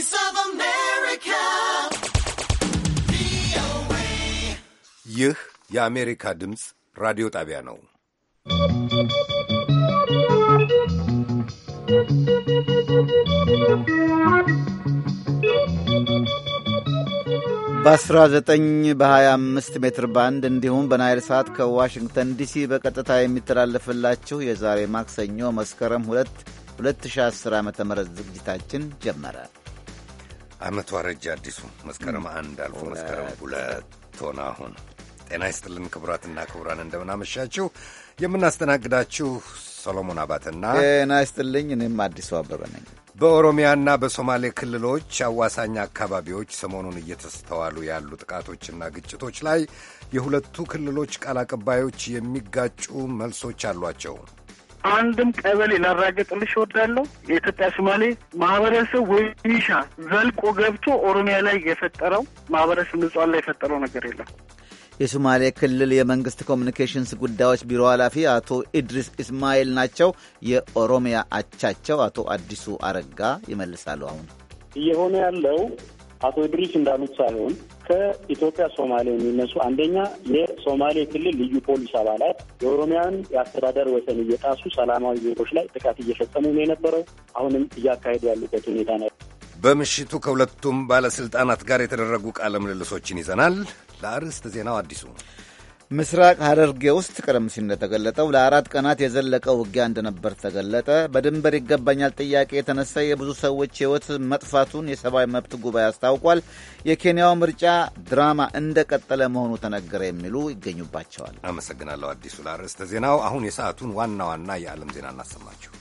Voice of America. ይህ የአሜሪካ ድምፅ ራዲዮ ጣቢያ ነው። በ19 በ25 ሜትር ባንድ እንዲሁም በናይል ሰዓት ከዋሽንግተን ዲሲ በቀጥታ የሚተላለፍላችሁ የዛሬ ማክሰኞ መስከረም 2 2010 ዓ ም ዝግጅታችን ጀመረ። አመቱ አረጃ አዲሱ መስከረም አንድ አልፎ መስከረም ሁለት ሆነ አሁን። ጤና ይስጥልን ክቡራትና ክቡራን፣ እንደምናመሻችሁ። የምናስተናግዳችሁ ሰሎሞን አባተና ጤና ይስጥልኝ። እኔም አዲሱ አበበ ነኝ። በኦሮሚያና በሶማሌ ክልሎች አዋሳኝ አካባቢዎች ሰሞኑን እየተስተዋሉ ያሉ ጥቃቶችና ግጭቶች ላይ የሁለቱ ክልሎች ቃል አቀባዮች የሚጋጩ መልሶች አሏቸው። አንድም ቀበሌ ላራገጥልሽ እወዳለሁ። የኢትዮጵያ ሶማሌ ማህበረሰብ ወይሻ ዘልቆ ገብቶ ኦሮሚያ ላይ የፈጠረው ማህበረሰብ ንጹሃን ላይ የፈጠረው ነገር የለም። የሶማሌ ክልል የመንግስት ኮሚኒኬሽንስ ጉዳዮች ቢሮ ኃላፊ አቶ ኢድሪስ ኢስማኤል ናቸው። የኦሮሚያ አቻቸው አቶ አዲሱ አረጋ ይመልሳሉ። አሁን እየሆነ ያለው አቶ ድሪስ እንዳሉት ሳይሆን ከኢትዮጵያ ሶማሌ የሚነሱ አንደኛ የሶማሌ ክልል ልዩ ፖሊስ አባላት የኦሮሚያን የአስተዳደር ወሰን እየጣሱ ሰላማዊ ዜጎች ላይ ጥቃት እየፈጸሙ ነው የነበረው። አሁንም እያካሄዱ ያሉበት ሁኔታ ነው። በምሽቱ ከሁለቱም ባለስልጣናት ጋር የተደረጉ ቃለ ምልልሶችን ይዘናል። ለአርዕስተ ዜናው አዲሱ ምስራቅ ሀረርጌ ውስጥ ቀደም ሲል እንደተገለጠው ለአራት ቀናት የዘለቀ ውጊያ እንደነበር ተገለጠ። በድንበር ይገባኛል ጥያቄ የተነሳ የብዙ ሰዎች ሕይወት መጥፋቱን የሰብአዊ መብት ጉባኤ አስታውቋል። የኬንያው ምርጫ ድራማ እንደቀጠለ መሆኑ ተነገረ የሚሉ ይገኙባቸዋል። አመሰግናለሁ አዲሱ ለአርዕስተ ዜናው። አሁን የሰዓቱን ዋና ዋና የዓለም ዜና እናሰማችሁ።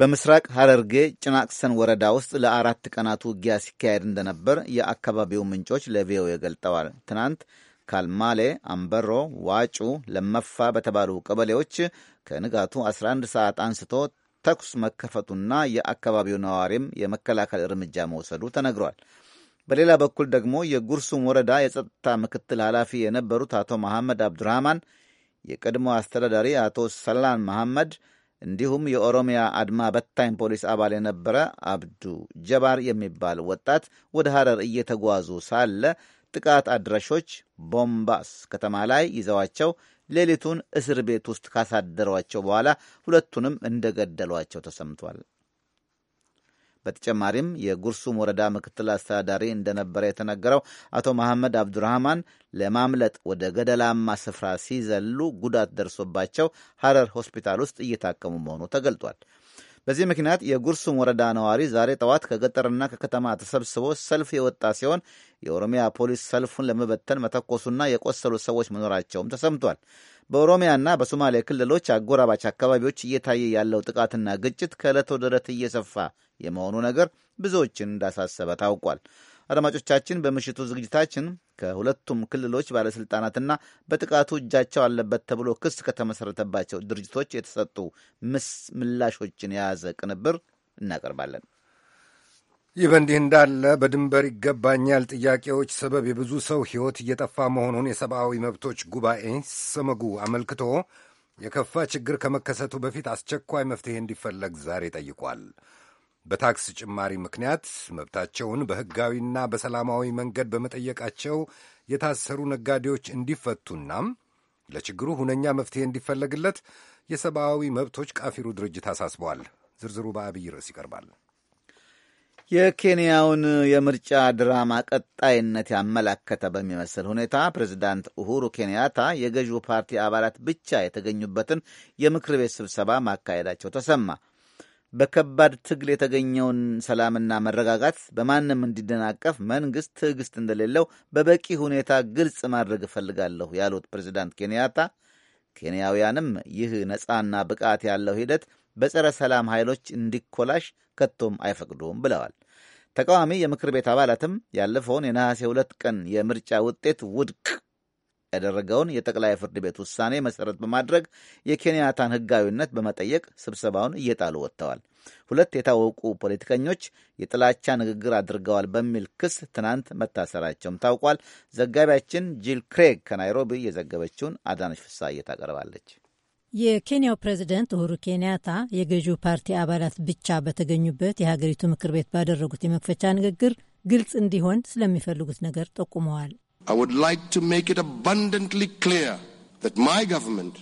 በምስራቅ ሐረርጌ ጭናቅሰን ወረዳ ውስጥ ለአራት ቀናት ውጊያ ሲካሄድ እንደነበር የአካባቢው ምንጮች ለቪኦኤ ገልጠዋል። ትናንት ካልማሌ፣ አምበሮ፣ ዋጩ፣ ለመፋ በተባሉ ቀበሌዎች ከንጋቱ 11 ሰዓት አንስቶ ተኩስ መከፈቱና የአካባቢው ነዋሪም የመከላከል እርምጃ መውሰዱ ተነግሯል። በሌላ በኩል ደግሞ የጉርሱም ወረዳ የጸጥታ ምክትል ኃላፊ የነበሩት አቶ መሐመድ አብዱራህማን የቀድሞ አስተዳዳሪ አቶ ሰላን መሐመድ እንዲሁም የኦሮሚያ አድማ በታኝ ፖሊስ አባል የነበረ አብዱ ጀባር የሚባል ወጣት ወደ ሐረር እየተጓዙ ሳለ ጥቃት አድራሾች ቦምባስ ከተማ ላይ ይዘዋቸው ሌሊቱን እስር ቤት ውስጥ ካሳደሯቸው በኋላ ሁለቱንም እንደገደሏቸው ተሰምቷል። በተጨማሪም የጉርሱም ወረዳ ምክትል አስተዳዳሪ እንደነበረ የተነገረው አቶ መሐመድ አብዱራህማን ለማምለጥ ወደ ገደላማ ስፍራ ሲዘሉ ጉዳት ደርሶባቸው ሐረር ሆስፒታል ውስጥ እየታከሙ መሆኑ ተገልጧል። በዚህ ምክንያት የጉርሱም ወረዳ ነዋሪ ዛሬ ጠዋት ከገጠርና ከከተማ ተሰብስቦ ሰልፍ የወጣ ሲሆን የኦሮሚያ ፖሊስ ሰልፉን ለመበተን መተኮሱና የቆሰሉ ሰዎች መኖራቸውም ተሰምቷል። በኦሮሚያና በሶማሌ ክልሎች አጎራባች አካባቢዎች እየታየ ያለው ጥቃትና ግጭት ከዕለት ወደ ዕለት እየሰፋ የመሆኑ ነገር ብዙዎችን እንዳሳሰበ ታውቋል። አድማጮቻችን፣ በምሽቱ ዝግጅታችን ከሁለቱም ክልሎች ባለሥልጣናትና በጥቃቱ እጃቸው አለበት ተብሎ ክስ ከተመሠረተባቸው ድርጅቶች የተሰጡ ምስ ምላሾችን የያዘ ቅንብር እናቀርባለን። ይህ በእንዲህ እንዳለ በድንበር ይገባኛል ጥያቄዎች ሰበብ የብዙ ሰው ሕይወት እየጠፋ መሆኑን የሰብአዊ መብቶች ጉባኤ ሰመጉ አመልክቶ የከፋ ችግር ከመከሰቱ በፊት አስቸኳይ መፍትሄ እንዲፈለግ ዛሬ ጠይቋል። በታክስ ጭማሪ ምክንያት መብታቸውን በሕጋዊና በሰላማዊ መንገድ በመጠየቃቸው የታሰሩ ነጋዴዎች እንዲፈቱናም ለችግሩ ሁነኛ መፍትሄ እንዲፈለግለት የሰብአዊ መብቶች ቃፊሩ ድርጅት አሳስበዋል። ዝርዝሩ በአብይ ርዕስ ይቀርባል። የኬንያውን የምርጫ ድራማ ቀጣይነት ያመላከተ በሚመስል ሁኔታ ፕሬዚዳንት ኡሁሩ ኬንያታ የገዢው ፓርቲ አባላት ብቻ የተገኙበትን የምክር ቤት ስብሰባ ማካሄዳቸው ተሰማ። በከባድ ትግል የተገኘውን ሰላምና መረጋጋት በማንም እንዲደናቀፍ መንግስት ትዕግስት እንደሌለው በበቂ ሁኔታ ግልጽ ማድረግ እፈልጋለሁ ያሉት ፕሬዚዳንት ኬንያታ ኬንያውያንም ይህ ነፃና ብቃት ያለው ሂደት በጸረ ሰላም ኃይሎች እንዲኮላሽ ከቶም አይፈቅዱም ብለዋል። ተቃዋሚ የምክር ቤት አባላትም ያለፈውን የነሐሴ ሁለት ቀን የምርጫ ውጤት ውድቅ ያደረገውን የጠቅላይ ፍርድ ቤት ውሳኔ መሰረት በማድረግ የኬንያታን ሕጋዊነት በመጠየቅ ስብሰባውን እየጣሉ ወጥተዋል። ሁለት የታወቁ ፖለቲከኞች የጥላቻ ንግግር አድርገዋል በሚል ክስ ትናንት መታሰራቸውም ታውቋል። ዘጋቢያችን ጂል ክሬግ ከናይሮቢ የዘገበችውን አዳነች ፍሳዬ ታቀርባለች። የኬንያው ፕሬዚደንት ኡሁሩ ኬንያታ የገዢው ፓርቲ አባላት ብቻ በተገኙበት የሀገሪቱ ምክር ቤት ባደረጉት የመክፈቻ ንግግር ግልጽ እንዲሆን ስለሚፈልጉት ነገር ጠቁመዋል። I would like to make it abundantly clear that my government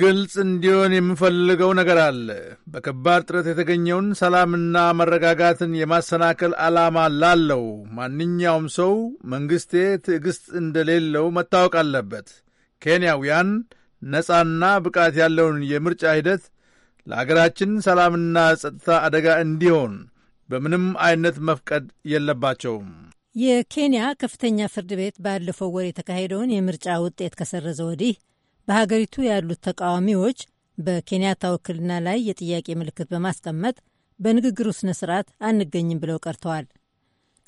ግልጽ እንዲሆን የምፈልገው ነገር አለ። በከባድ ጥረት የተገኘውን ሰላምና መረጋጋትን የማሰናከል ዓላማ ላለው ማንኛውም ሰው መንግሥቴ ትዕግሥት እንደሌለው መታወቅ አለበት። ኬንያውያን ነፃና ብቃት ያለውን የምርጫ ሂደት ለአገራችን ሰላምና ጸጥታ አደጋ እንዲሆን በምንም አይነት መፍቀድ የለባቸውም። የኬንያ ከፍተኛ ፍርድ ቤት ባለፈው ወር የተካሄደውን የምርጫ ውጤት ከሰረዘ ወዲህ በሀገሪቱ ያሉት ተቃዋሚዎች በኬንያታ ውክልና ላይ የጥያቄ ምልክት በማስቀመጥ በንግግሩ ስነ ስርዓት አንገኝም ብለው ቀርተዋል።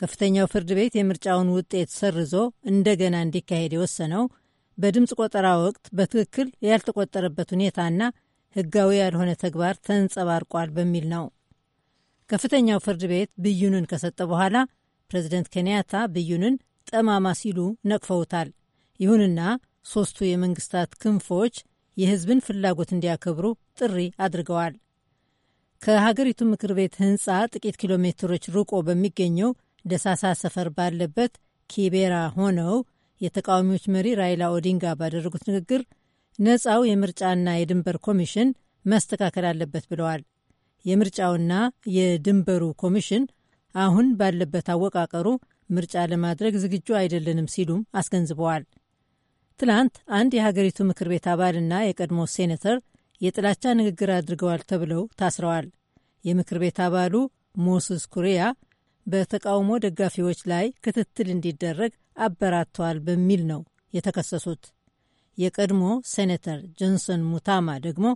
ከፍተኛው ፍርድ ቤት የምርጫውን ውጤት ሰርዞ እንደገና እንዲካሄድ የወሰነው በድምፅ ቆጠራ ወቅት በትክክል ያልተቆጠረበት ሁኔታና ሕጋዊ ያልሆነ ተግባር ተንጸባርቋል በሚል ነው። ከፍተኛው ፍርድ ቤት ብይኑን ከሰጠ በኋላ ፕሬዚደንት ኬንያታ ብይኑን ጠማማ ሲሉ ነቅፈውታል። ይሁንና ሦስቱ የመንግስታት ክንፎች የሕዝብን ፍላጎት እንዲያከብሩ ጥሪ አድርገዋል። ከሀገሪቱ ምክር ቤት ህንፃ ጥቂት ኪሎ ሜትሮች ርቆ በሚገኘው ደሳሳ ሰፈር ባለበት ኪቤራ ሆነው የተቃዋሚዎች መሪ ራይላ ኦዲንጋ ባደረጉት ንግግር ነፃው የምርጫና የድንበር ኮሚሽን መስተካከል አለበት ብለዋል። የምርጫውና የድንበሩ ኮሚሽን አሁን ባለበት አወቃቀሩ ምርጫ ለማድረግ ዝግጁ አይደለንም ሲሉም አስገንዝበዋል። ትላንት አንድ የሀገሪቱ ምክር ቤት አባልና የቀድሞ ሴኔተር የጥላቻ ንግግር አድርገዋል ተብለው ታስረዋል። የምክር ቤት አባሉ ሞስስ ኩሪያ በተቃውሞ ደጋፊዎች ላይ ክትትል እንዲደረግ አበራተዋል በሚል ነው የተከሰሱት። የቀድሞ ሴኔተር ጆንሰን ሙታማ ደግሞ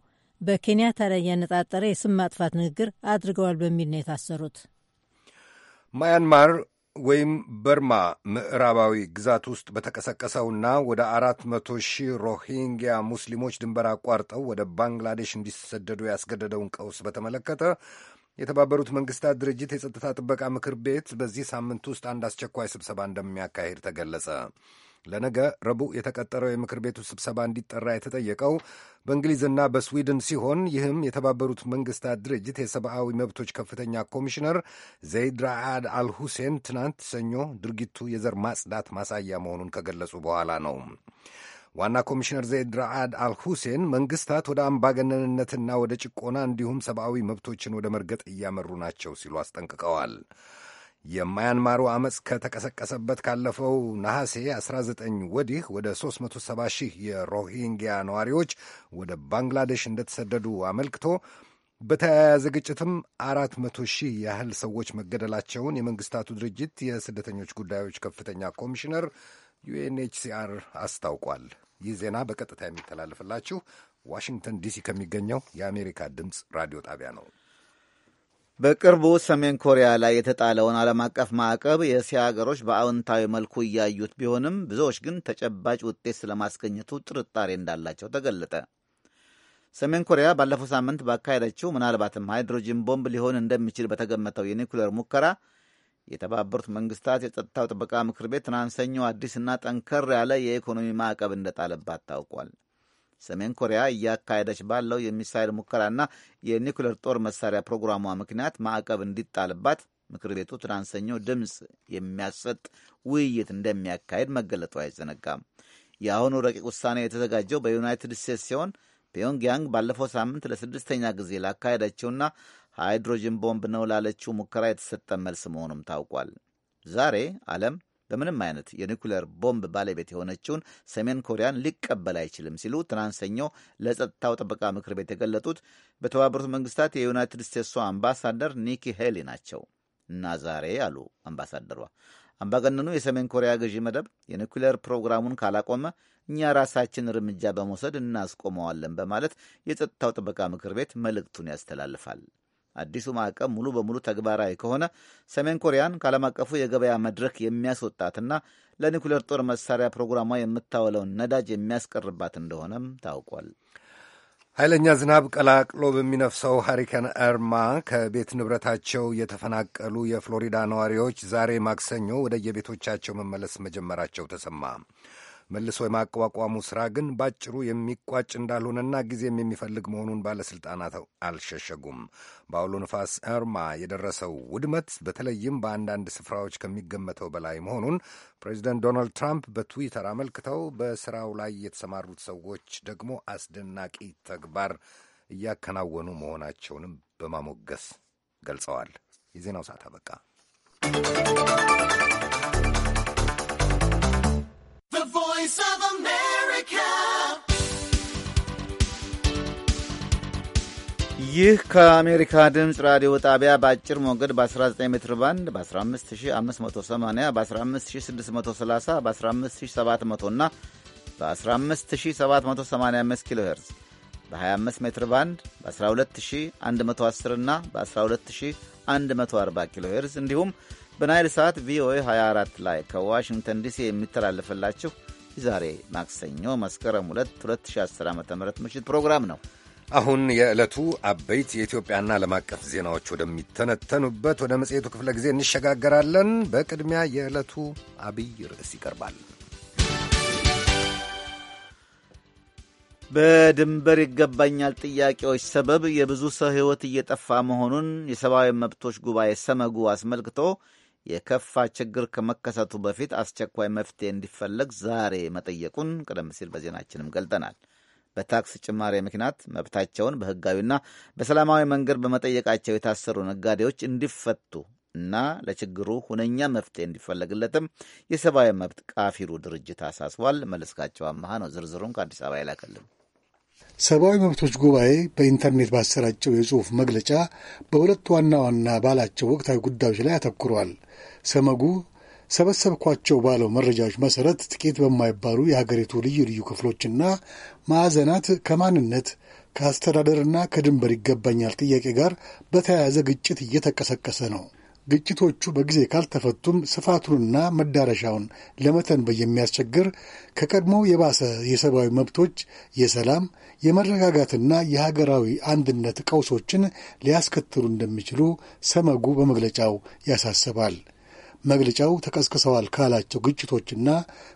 በኬንያታ ላይ ያነጣጠረ የስም ማጥፋት ንግግር አድርገዋል በሚል ነው የታሰሩት። ማያንማር ወይም በርማ ምዕራባዊ ግዛት ውስጥ በተቀሰቀሰውና ወደ አራት መቶ ሺህ ሮሂንግያ ሙስሊሞች ድንበር አቋርጠው ወደ ባንግላዴሽ እንዲሰደዱ ያስገደደውን ቀውስ በተመለከተ የተባበሩት መንግስታት ድርጅት የጸጥታ ጥበቃ ምክር ቤት በዚህ ሳምንት ውስጥ አንድ አስቸኳይ ስብሰባ እንደሚያካሂድ ተገለጸ። ለነገ ረቡዕ የተቀጠረው የምክር ቤቱ ስብሰባ እንዲጠራ የተጠየቀው በእንግሊዝና በስዊድን ሲሆን ይህም የተባበሩት መንግስታት ድርጅት የሰብአዊ መብቶች ከፍተኛ ኮሚሽነር ዘይድ ራአድ አልሁሴን ትናንት ሰኞ ድርጊቱ የዘር ማጽዳት ማሳያ መሆኑን ከገለጹ በኋላ ነው። ዋና ኮሚሽነር ዘይድ ራአድ አልሁሴን መንግስታት ወደ አምባገነንነትና ወደ ጭቆና እንዲሁም ሰብአዊ መብቶችን ወደ መርገጥ እያመሩ ናቸው ሲሉ አስጠንቅቀዋል። የማያንማሩ አመፅ ከተቀሰቀሰበት ካለፈው ነሐሴ 19 ወዲህ ወደ 370 ሺህ የሮሂንግያ ነዋሪዎች ወደ ባንግላዴሽ እንደተሰደዱ አመልክቶ በተያያዘ ግጭትም አራት መቶ ሺህ ያህል ሰዎች መገደላቸውን የመንግስታቱ ድርጅት የስደተኞች ጉዳዮች ከፍተኛ ኮሚሽነር ዩኤንኤችሲአር አስታውቋል። ይህ ዜና በቀጥታ የሚተላለፍላችሁ ዋሽንግተን ዲሲ ከሚገኘው የአሜሪካ ድምፅ ራዲዮ ጣቢያ ነው። በቅርቡ ሰሜን ኮሪያ ላይ የተጣለውን ዓለም አቀፍ ማዕቀብ የእስያ ሀገሮች በአዎንታዊ መልኩ እያዩት ቢሆንም ብዙዎች ግን ተጨባጭ ውጤት ስለማስገኘቱ ጥርጣሬ እንዳላቸው ተገለጠ። ሰሜን ኮሪያ ባለፈው ሳምንት ባካሄደችው ምናልባትም ሃይድሮጂን ቦምብ ሊሆን እንደሚችል በተገመተው የኒኩሌር ሙከራ የተባበሩት መንግስታት የጸጥታው ጥበቃ ምክር ቤት ትናንት ሰኞ አዲስና ጠንከር ያለ የኢኮኖሚ ማዕቀብ እንደጣለባት ታውቋል። ሰሜን ኮሪያ እያካሄደች ባለው የሚሳይል ሙከራና የኒኩሌር ጦር መሳሪያ ፕሮግራሟ ምክንያት ማዕቀብ እንዲጣልባት ምክር ቤቱ ትናንት ሰኞ ድምፅ የሚያሰጥ ውይይት እንደሚያካሄድ መገለጡ አይዘነጋም። የአሁኑ ረቂቅ ውሳኔ የተዘጋጀው በዩናይትድ ስቴትስ ሲሆን ፒዮንግያንግ ባለፈው ሳምንት ለስድስተኛ ጊዜ ላካሄደችውና ሃይድሮጅን ቦምብ ነው ላለችው ሙከራ የተሰጠ መልስ መሆኑም ታውቋል። ዛሬ ዓለም በምንም አይነት የኒኩሌር ቦምብ ባለቤት የሆነችውን ሰሜን ኮሪያን ሊቀበል አይችልም ሲሉ ትናንት ሰኞ ለጸጥታው ጥበቃ ምክር ቤት የገለጡት በተባበሩት መንግስታት የዩናይትድ ስቴትሱ አምባሳደር ኒኪ ሄሊ ናቸው። እና ዛሬ አሉ አምባሳደሯ አምባገነኑ የሰሜን ኮሪያ ገዢ መደብ የኒኩሌር ፕሮግራሙን ካላቆመ እኛ ራሳችን እርምጃ በመውሰድ እናስቆመዋለን በማለት የጸጥታው ጥበቃ ምክር ቤት መልእክቱን ያስተላልፋል። አዲሱ ማዕቀብ ሙሉ በሙሉ ተግባራዊ ከሆነ ሰሜን ኮሪያን ከዓለም አቀፉ የገበያ መድረክ የሚያስወጣትና ለኒኩሌር ጦር መሳሪያ ፕሮግራሟ የምታውለውን ነዳጅ የሚያስቀርባት እንደሆነም ታውቋል። ኃይለኛ ዝናብ ቀላቅሎ በሚነፍሰው ሃሪከን እርማ ከቤት ንብረታቸው የተፈናቀሉ የፍሎሪዳ ነዋሪዎች ዛሬ ማክሰኞ ወደ የቤቶቻቸው መመለስ መጀመራቸው ተሰማ። መልሶ የማቋቋሙ ሥራ ግን ባጭሩ የሚቋጭ እንዳልሆነና ጊዜም የሚፈልግ መሆኑን ባለሥልጣናት አልሸሸጉም። በአውሎ ንፋስ አርማ የደረሰው ውድመት በተለይም በአንዳንድ ስፍራዎች ከሚገመተው በላይ መሆኑን ፕሬዚደንት ዶናልድ ትራምፕ በትዊተር አመልክተው በሥራው ላይ የተሰማሩት ሰዎች ደግሞ አስደናቂ ተግባር እያከናወኑ መሆናቸውንም በማሞገስ ገልጸዋል። የዜናው ሰዓት አበቃ። Voice of America. ይህ ከአሜሪካ ድምፅ ራዲዮ ጣቢያ በአጭር ሞገድ በ19 ሜትር ባንድ በ15580 በ15630 በ15700 እና በ15785 ኪሎ ሄርዝ በ25 ሜትር ባንድ በ12110 እና በ12140 ኪሎ ሄርዝ እንዲሁም በናይል ሰዓት ቪኦኤ 24 ላይ ከዋሽንግተን ዲሲ የሚተላለፍላችሁ የዛሬ ማክሰኞ መስከረም 2 2010 ዓ ም ምሽት ፕሮግራም ነው። አሁን የዕለቱ አበይት የኢትዮጵያና ዓለም አቀፍ ዜናዎች ወደሚተነተኑበት ወደ መጽሔቱ ክፍለ ጊዜ እንሸጋገራለን። በቅድሚያ የዕለቱ አብይ ርዕስ ይቀርባል። በድንበር ይገባኛል ጥያቄዎች ሰበብ የብዙ ሰው ሕይወት እየጠፋ መሆኑን የሰብአዊ መብቶች ጉባኤ ሰመጉ አስመልክቶ የከፋ ችግር ከመከሰቱ በፊት አስቸኳይ መፍትሄ እንዲፈለግ ዛሬ መጠየቁን ቀደም ሲል በዜናችንም ገልጠናል። በታክስ ጭማሪ ምክንያት መብታቸውን በህጋዊና በሰላማዊ መንገድ በመጠየቃቸው የታሰሩ ነጋዴዎች እንዲፈቱ እና ለችግሩ ሁነኛ መፍትሄ እንዲፈለግለትም የሰብአዊ መብት ቃፊሩ ድርጅት አሳስቧል። መለስካቸው አመሃ ነው ዝርዝሩን ከአዲስ አበባ ይላከልን። ሰብአዊ መብቶች ጉባኤ በኢንተርኔት ባሰራጨው የጽሑፍ መግለጫ በሁለት ዋና ዋና ባላቸው ወቅታዊ ጉዳዮች ላይ አተኩሯል። ሰመጉ ሰበሰብኳቸው ባለው መረጃዎች መሰረት ጥቂት በማይባሉ የሀገሪቱ ልዩ ልዩ ክፍሎችና ማዕዘናት ከማንነት ከአስተዳደርና ከድንበር ይገባኛል ጥያቄ ጋር በተያያዘ ግጭት እየተቀሰቀሰ ነው። ግጭቶቹ በጊዜ ካልተፈቱም ስፋቱንና መዳረሻውን ለመተንበይ የሚያስቸግር ከቀድሞ የባሰ የሰብአዊ መብቶች፣ የሰላም የመረጋጋትና የሀገራዊ አንድነት ቀውሶችን ሊያስከትሉ እንደሚችሉ ሰመጉ በመግለጫው ያሳስባል። መግለጫው ተቀስቅሰዋል ካላቸው ግጭቶችና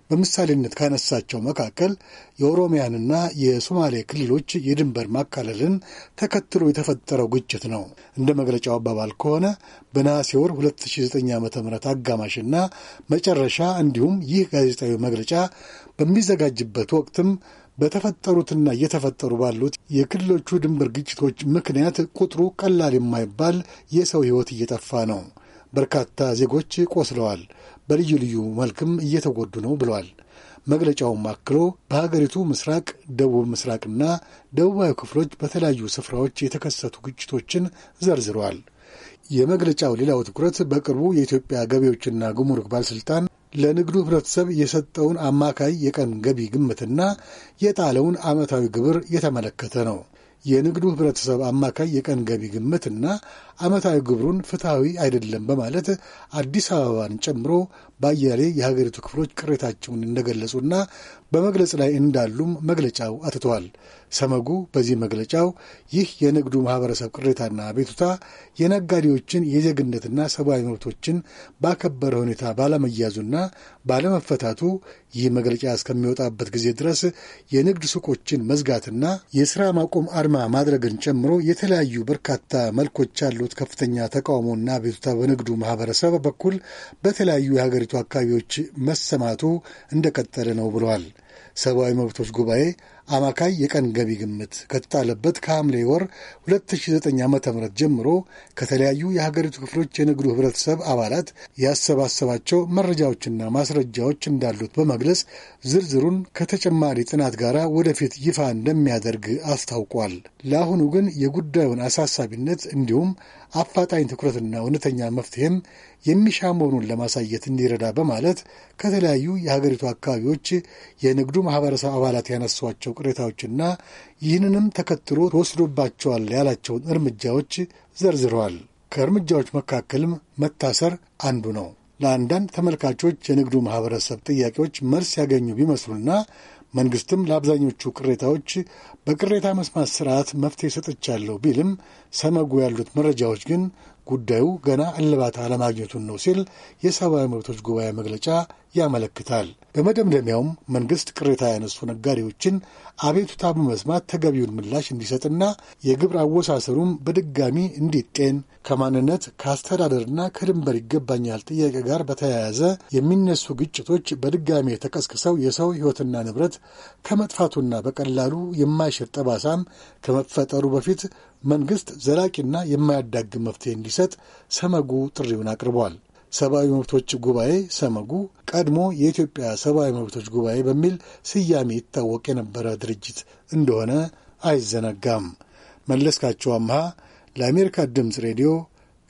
በምሳሌነት ካነሳቸው መካከል የኦሮሚያንና የሶማሌ ክልሎች የድንበር ማካለልን ተከትሎ የተፈጠረው ግጭት ነው። እንደ መግለጫው አባባል ከሆነ በነሐሴ ወር 2009 ዓ ም አጋማሽና መጨረሻ እንዲሁም ይህ ጋዜጣዊ መግለጫ በሚዘጋጅበት ወቅትም በተፈጠሩትና እየተፈጠሩ ባሉት የክልሎቹ ድንበር ግጭቶች ምክንያት ቁጥሩ ቀላል የማይባል የሰው ሕይወት እየጠፋ ነው። በርካታ ዜጎች ቆስለዋል፣ በልዩ ልዩ መልክም እየተጎዱ ነው ብለዋል። መግለጫውም አክሎ በሀገሪቱ ምስራቅ፣ ደቡብ ምስራቅና ደቡባዊ ክፍሎች በተለያዩ ስፍራዎች የተከሰቱ ግጭቶችን ዘርዝረዋል። የመግለጫው ሌላው ትኩረት በቅርቡ የኢትዮጵያ ገቢዎችና ጉምሩክ ባለሥልጣን ለንግዱ ህብረተሰብ የሰጠውን አማካይ የቀን ገቢ ግምትና የጣለውን ዓመታዊ ግብር የተመለከተ ነው። የንግዱ ህብረተሰብ አማካይ የቀን ገቢ ግምትና ዓመታዊ ግብሩን ፍትሐዊ አይደለም በማለት አዲስ አበባን ጨምሮ በአያሌ የሀገሪቱ ክፍሎች ቅሬታቸውን እንደገለጹና በመግለጽ ላይ እንዳሉም መግለጫው አትተዋል። ሰመጉ በዚህ መግለጫው ይህ የንግዱ ማህበረሰብ ቅሬታና አቤቱታ የነጋዴዎችን የዜግነትና ሰብአዊ መብቶችን ባከበረ ሁኔታ ባለመያዙና ባለመፈታቱ ይህ መግለጫ እስከሚወጣበት ጊዜ ድረስ የንግድ ሱቆችን መዝጋትና የሥራ ማቆም አድማ ማድረግን ጨምሮ የተለያዩ በርካታ መልኮች አሉ። ባሉት ከፍተኛ ተቃውሞና ቤቱታ በንግዱ ማህበረሰብ በኩል በተለያዩ የሀገሪቱ አካባቢዎች መሰማቱ እንደቀጠለ ነው ብለዋል። ሰብአዊ መብቶች ጉባኤ አማካይ የቀን ገቢ ግምት ከተጣለበት ከሐምሌ ወር 2009 ዓ ም ጀምሮ ከተለያዩ የሀገሪቱ ክፍሎች የንግዱ ህብረተሰብ አባላት ያሰባሰባቸው መረጃዎችና ማስረጃዎች እንዳሉት በመግለጽ ዝርዝሩን ከተጨማሪ ጥናት ጋር ወደፊት ይፋ እንደሚያደርግ አስታውቋል። ለአሁኑ ግን የጉዳዩን አሳሳቢነት እንዲሁም አፋጣኝ ትኩረትና እውነተኛ መፍትሄም የሚሻ መሆኑን ለማሳየት እንዲረዳ በማለት ከተለያዩ የሀገሪቱ አካባቢዎች የንግዱ ማህበረሰብ አባላት ያነሷቸው ቅሬታዎችና ይህንንም ተከትሎ ተወስዶባቸዋል ያላቸውን እርምጃዎች ዘርዝረዋል። ከእርምጃዎች መካከልም መታሰር አንዱ ነው። ለአንዳንድ ተመልካቾች የንግዱ ማህበረሰብ ጥያቄዎች መልስ ያገኙ ቢመስሉና መንግስትም ለአብዛኞቹ ቅሬታዎች በቅሬታ መስማት ስርዓት መፍትሄ ሰጥቻለሁ ቢልም ሰመጉ ያሉት መረጃዎች ግን ጉዳዩ ገና እልባት አለማግኘቱን ነው ሲል የሰብአዊ መብቶች ጉባኤ መግለጫ ያመለክታል። በመደምደሚያውም መንግስት ቅሬታ ያነሱ ነጋዴዎችን አቤቱታ በመስማት ተገቢውን ምላሽ እንዲሰጥና የግብር አወሳሰሩም በድጋሚ እንዲጤን ከማንነት ከአስተዳደርና ከድንበር ይገባኛል ጥያቄ ጋር በተያያዘ የሚነሱ ግጭቶች በድጋሚ የተቀስቅሰው የሰው ሕይወትና ንብረት ከመጥፋቱና በቀላሉ የማይሽር ጠባሳም ከመፈጠሩ በፊት መንግሥት ዘላቂና የማያዳግም መፍትሄ እንዲሰጥ ሰመጉ ጥሪውን አቅርቧል። ሰብአዊ መብቶች ጉባኤ ሰመጉ ቀድሞ የኢትዮጵያ ሰብአዊ መብቶች ጉባኤ በሚል ስያሜ ይታወቅ የነበረ ድርጅት እንደሆነ አይዘነጋም። መለስካቸው አምሃ ለአሜሪካ ድምፅ ሬዲዮ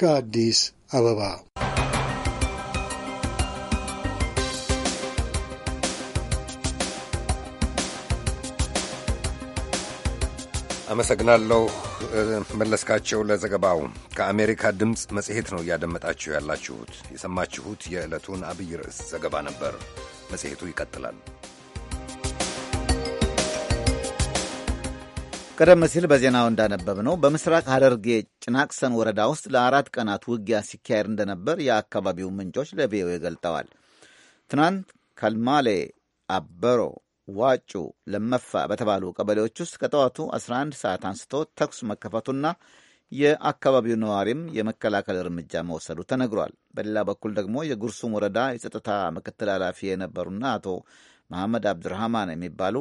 ከአዲስ አበባ አመሰግናለሁ መለስካቸው ለዘገባው። ከአሜሪካ ድምፅ መጽሔት ነው እያደመጣችሁ ያላችሁት። የሰማችሁት የዕለቱን አብይ ርዕስ ዘገባ ነበር። መጽሔቱ ይቀጥላል። ቀደም ሲል በዜናው ነው በምስራቅ ሀረርጌ ጭናቅሰን ወረዳ ውስጥ ለአራት ቀናት ውጊያ ሲካሄድ እንደነበር የአካባቢው ምንጮች ለቪኦኤ ገልጠዋል። ትናንት ከልማሌ፣ አበሮ፣ ዋጩ፣ ለመፋ በተባሉ ቀበሌዎች ውስጥ ከጠዋቱ 11 ሰዓት አንስቶ ተኩስ መከፈቱና የአካባቢው ነዋሪም የመከላከል እርምጃ መወሰዱ ተነግሯል። በሌላ በኩል ደግሞ የጉርሱም ወረዳ የጸጥታ ምክትል ኃላፊ የነበሩና አቶ መሐመድ አብድርሃማን የሚባሉ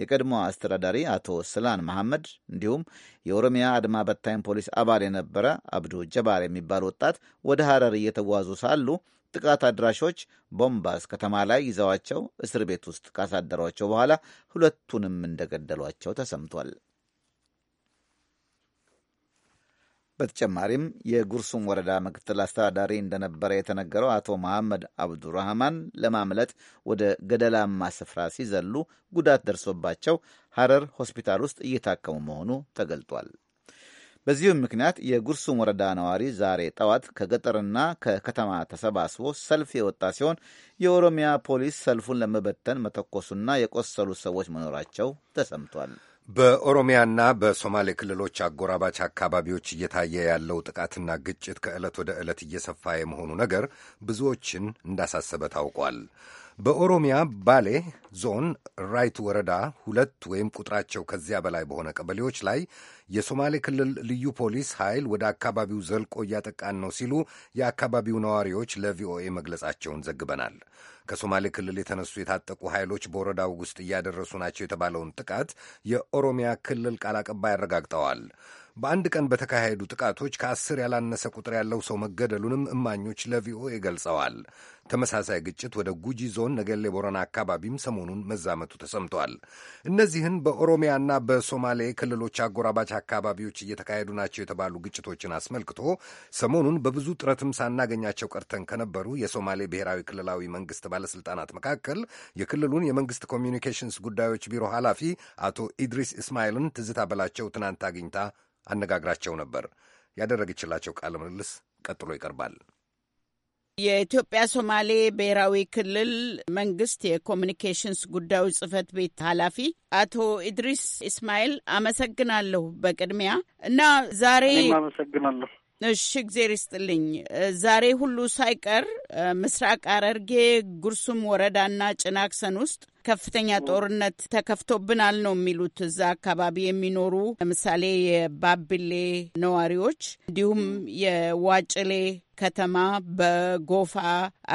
የቀድሞ አስተዳዳሪ አቶ ስላን መሐመድ እንዲሁም የኦሮሚያ አድማ በታኝ ፖሊስ አባል የነበረ አብዱ ጀባር የሚባል ወጣት ወደ ሐረር እየተጓዙ ሳሉ ጥቃት አድራሾች ቦምባስ ከተማ ላይ ይዘዋቸው እስር ቤት ውስጥ ካሳደሯቸው በኋላ ሁለቱንም እንደገደሏቸው ተሰምቷል። በተጨማሪም የጉርሱም ወረዳ ምክትል አስተዳዳሪ እንደነበረ የተነገረው አቶ መሐመድ አብዱራህማን ለማምለጥ ወደ ገደላማ ስፍራ ሲዘሉ ጉዳት ደርሶባቸው ሐረር ሆስፒታል ውስጥ እየታከሙ መሆኑ ተገልጧል። በዚሁም ምክንያት የጉርሱም ወረዳ ነዋሪ ዛሬ ጠዋት ከገጠርና ከከተማ ተሰባስቦ ሰልፍ የወጣ ሲሆን የኦሮሚያ ፖሊስ ሰልፉን ለመበተን መተኮሱና የቆሰሉ ሰዎች መኖራቸው ተሰምቷል። በኦሮሚያና በሶማሌ ክልሎች አጎራባች አካባቢዎች እየታየ ያለው ጥቃትና ግጭት ከዕለት ወደ ዕለት እየሰፋ የመሆኑ ነገር ብዙዎችን እንዳሳሰበ ታውቋል። በኦሮሚያ ባሌ ዞን ራይት ወረዳ ሁለት ወይም ቁጥራቸው ከዚያ በላይ በሆነ ቀበሌዎች ላይ የሶማሌ ክልል ልዩ ፖሊስ ኃይል ወደ አካባቢው ዘልቆ እያጠቃን ነው ሲሉ የአካባቢው ነዋሪዎች ለቪኦኤ መግለጻቸውን ዘግበናል። ከሶማሌ ክልል የተነሱ የታጠቁ ኃይሎች በወረዳው ውስጥ እያደረሱ ናቸው የተባለውን ጥቃት የኦሮሚያ ክልል ቃል አቀባይ አረጋግጠዋል። በአንድ ቀን በተካሄዱ ጥቃቶች ከአስር ያላነሰ ቁጥር ያለው ሰው መገደሉንም እማኞች ለቪኦኤ ገልጸዋል። ተመሳሳይ ግጭት ወደ ጉጂ ዞን ነገሌ ቦረና አካባቢም ሰሞኑን መዛመቱ ተሰምቷል። እነዚህን በኦሮሚያና በሶማሌ ክልሎች አጎራባች አካባቢዎች እየተካሄዱ ናቸው የተባሉ ግጭቶችን አስመልክቶ ሰሞኑን በብዙ ጥረትም ሳናገኛቸው ቀርተን ከነበሩ የሶማሌ ብሔራዊ ክልላዊ መንግስት ባለስልጣናት መካከል የክልሉን የመንግስት ኮሚዩኒኬሽንስ ጉዳዮች ቢሮ ኃላፊ አቶ ኢድሪስ እስማኤልን ትዝታ በላቸው ትናንት አግኝታ አነጋግራቸው ነበር። ያደረገችላቸው ቃለ ምልልስ ቀጥሎ ይቀርባል። የኢትዮጵያ ሶማሌ ብሔራዊ ክልል መንግስት የኮሚኒኬሽንስ ጉዳዮች ጽህፈት ቤት ኃላፊ አቶ ኢድሪስ ኢስማኤል አመሰግናለሁ። በቅድሚያ እና ዛሬ አመሰግናለሁ። እሺ፣ እግዜር ይስጥልኝ። ዛሬ ሁሉ ሳይቀር ምስራቅ ሐረርጌ ጉርሱም ወረዳና ጭናክሰን ውስጥ ከፍተኛ ጦርነት ተከፍቶብናል ነው የሚሉት እዛ አካባቢ የሚኖሩ ለምሳሌ የባብሌ ነዋሪዎች እንዲሁም የዋጭሌ ከተማ በጎፋ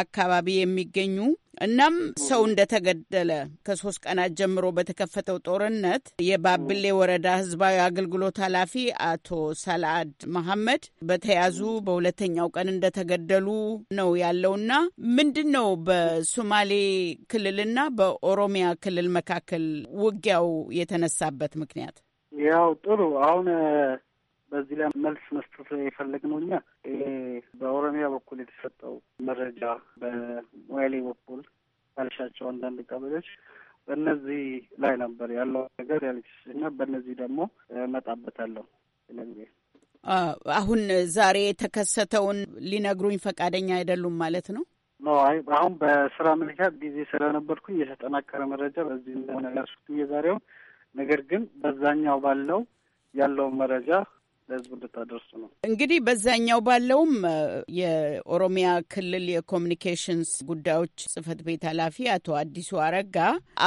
አካባቢ የሚገኙ እናም ሰው እንደተገደለ ከሶስት ቀናት ጀምሮ በተከፈተው ጦርነት የባብሌ ወረዳ ህዝባዊ አገልግሎት ኃላፊ አቶ ሰላድ መሐመድ በተያዙ በሁለተኛው ቀን እንደተገደሉ ነው ያለውና ምንድን ነው በሶማሌ ክልልና በኦሮሚያ ክልል መካከል ውጊያው የተነሳበት ምክንያት? ያው ጥሩ አሁን በዚህ ላይ መልስ መስጠት የፈለግነው እኛ በኦሮሚያ በኩል የተሰጠው መረጃ በሞያሌ በኩል ያልሻቸው አንዳንድ ቀበሌዎች በእነዚህ ላይ ነበር ያለው ነገር ያለች እና በእነዚህ ደግሞ እመጣበታለሁ ስለዚህ አሁን ዛሬ የተከሰተውን ሊነግሩኝ ፈቃደኛ አይደሉም ማለት ነው። ኖ አይ አሁን በስራ ምክንያት ቢዚ ስለነበርኩኝ የተጠናከረ መረጃ በዚህ እንደሆነ ያሱት የዛሬውን ነገር ግን በዛኛው ባለው ያለውን መረጃ ለህዝብ እንድታደርሱ ነው። እንግዲህ በዛኛው ባለውም የኦሮሚያ ክልል የኮሚኒኬሽንስ ጉዳዮች ጽህፈት ቤት ኃላፊ አቶ አዲሱ አረጋ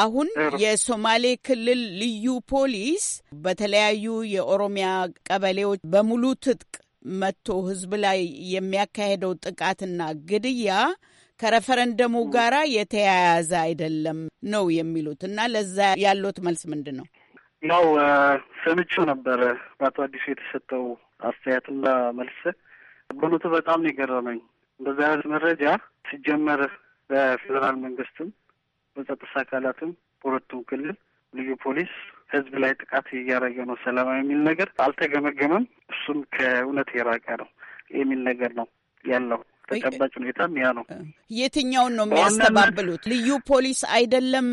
አሁን የሶማሌ ክልል ልዩ ፖሊስ በተለያዩ የኦሮሚያ ቀበሌዎች በሙሉ ትጥቅ መጥቶ ህዝብ ላይ የሚያካሄደው ጥቃትና ግድያ ከረፈረንደሙ ጋራ የተያያዘ አይደለም ነው የሚሉት እና ለዛ ያሉት መልስ ምንድን ነው? ያው ሰምቼው ነበረ በአቶ አዲሱ የተሰጠው አስተያየትና መልስ። በእውነቱ በጣም ነው የገረመኝ። እንደዚህ አይነት መረጃ ሲጀመር በፌዴራል መንግስትም፣ በጸጥታ አካላትም፣ በሁለቱም ክልል ልዩ ፖሊስ ህዝብ ላይ ጥቃት እያደረገ ነው ሰላማዊ የሚል ነገር አልተገመገመም። እሱም ከእውነት የራቀ ነው የሚል ነገር ነው ያለው። ተጨባጭ ሁኔታም ያ ነው። የትኛውን ነው የሚያስተባብሉት? ልዩ ፖሊስ አይደለም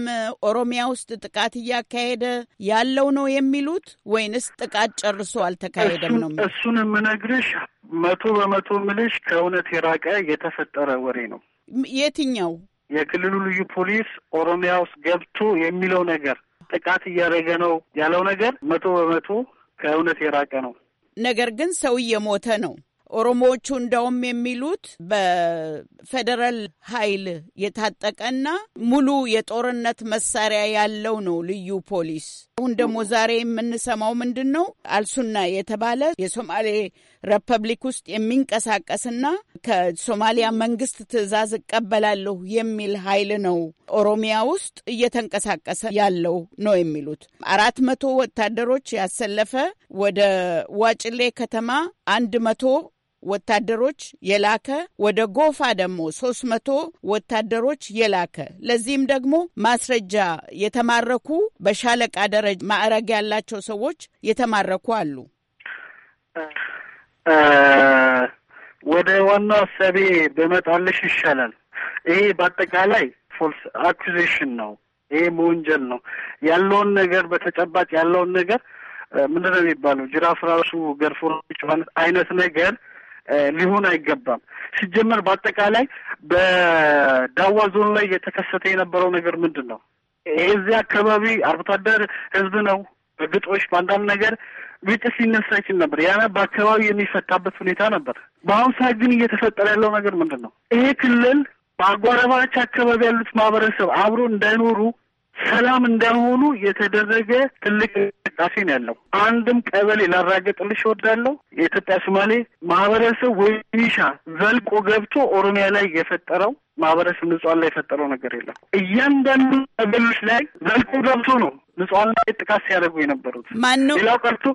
ኦሮሚያ ውስጥ ጥቃት እያካሄደ ያለው ነው የሚሉት ወይንስ ጥቃት ጨርሶ አልተካሄደም ነው? እሱን የምነግርሽ መቶ በመቶ ምልሽ ከእውነት የራቀ የተፈጠረ ወሬ ነው። የትኛው የክልሉ ልዩ ፖሊስ ኦሮሚያ ውስጥ ገብቶ የሚለው ነገር ጥቃት እያደረገ ነው ያለው ነገር መቶ በመቶ ከእውነት የራቀ ነው። ነገር ግን ሰው እየሞተ ነው ኦሮሞዎቹ እንደውም የሚሉት በፌዴራል ኃይል የታጠቀና ሙሉ የጦርነት መሳሪያ ያለው ነው ልዩ ፖሊስ። አሁን ደግሞ ዛሬ የምንሰማው ምንድን ነው? አልሱና የተባለ የሶማሌ ሪፐብሊክ ውስጥ የሚንቀሳቀስና ከሶማሊያ መንግስት ትዕዛዝ እቀበላለሁ የሚል ኃይል ነው ኦሮሚያ ውስጥ እየተንቀሳቀሰ ያለው ነው የሚሉት። አራት መቶ ወታደሮች ያሰለፈ ወደ ዋጭሌ ከተማ አንድ መቶ ወታደሮች የላከ ወደ ጎፋ ደግሞ 300 ወታደሮች የላከ ለዚህም ደግሞ ማስረጃ የተማረኩ በሻለቃ ደረጃ ማዕረግ ያላቸው ሰዎች የተማረኩ አሉ። ወደ ዋናው ሀሳቤ በመጣልሽ ይሻላል። ይሄ በአጠቃላይ ፎልስ አኩዜሽን ነው። ይሄ መወንጀል ነው ያለውን ነገር በተጨባጭ ያለውን ነገር ምንድነው የሚባለው? ጅራፍ ራሱ ገርፎ አይነት ነገር ሊሆን አይገባም። ሲጀመር በአጠቃላይ በዳዋ ዞን ላይ የተከሰተ የነበረው ነገር ምንድን ነው? የዚህ አካባቢ አርብቶ አደር ህዝብ ነው። በግጦሽ በአንዳንድ ነገር ግጭት ሊነሳ ይችል ነበር። ያ በአካባቢ የሚፈታበት ሁኔታ ነበር። በአሁኑ ሰዓት ግን እየተፈጠረ ያለው ነገር ምንድን ነው? ይሄ ክልል በአጓረባች አካባቢ ያሉት ማህበረሰብ አብሮ እንዳይኖሩ ሰላም እንዳይሆኑ የተደረገ ትልቅ እንቅስቃሴ ነው ያለው። አንድም ቀበሌ ላራገጥልሽ እወዳለሁ። የኢትዮጵያ ሶማሌ ማህበረሰብ ወይሻ ዘልቆ ገብቶ ኦሮሚያ ላይ የፈጠረው ማህበረሰብ ንጹሐን ላይ የፈጠረው ነገር የለም። እያንዳንዱ ቀበሌዎች ላይ ዘልቆ ገብቶ ነው ንጹሐን ላይ ጥቃት ሲያደርጉ የነበሩት። ማነው ሌላው ቀርቶ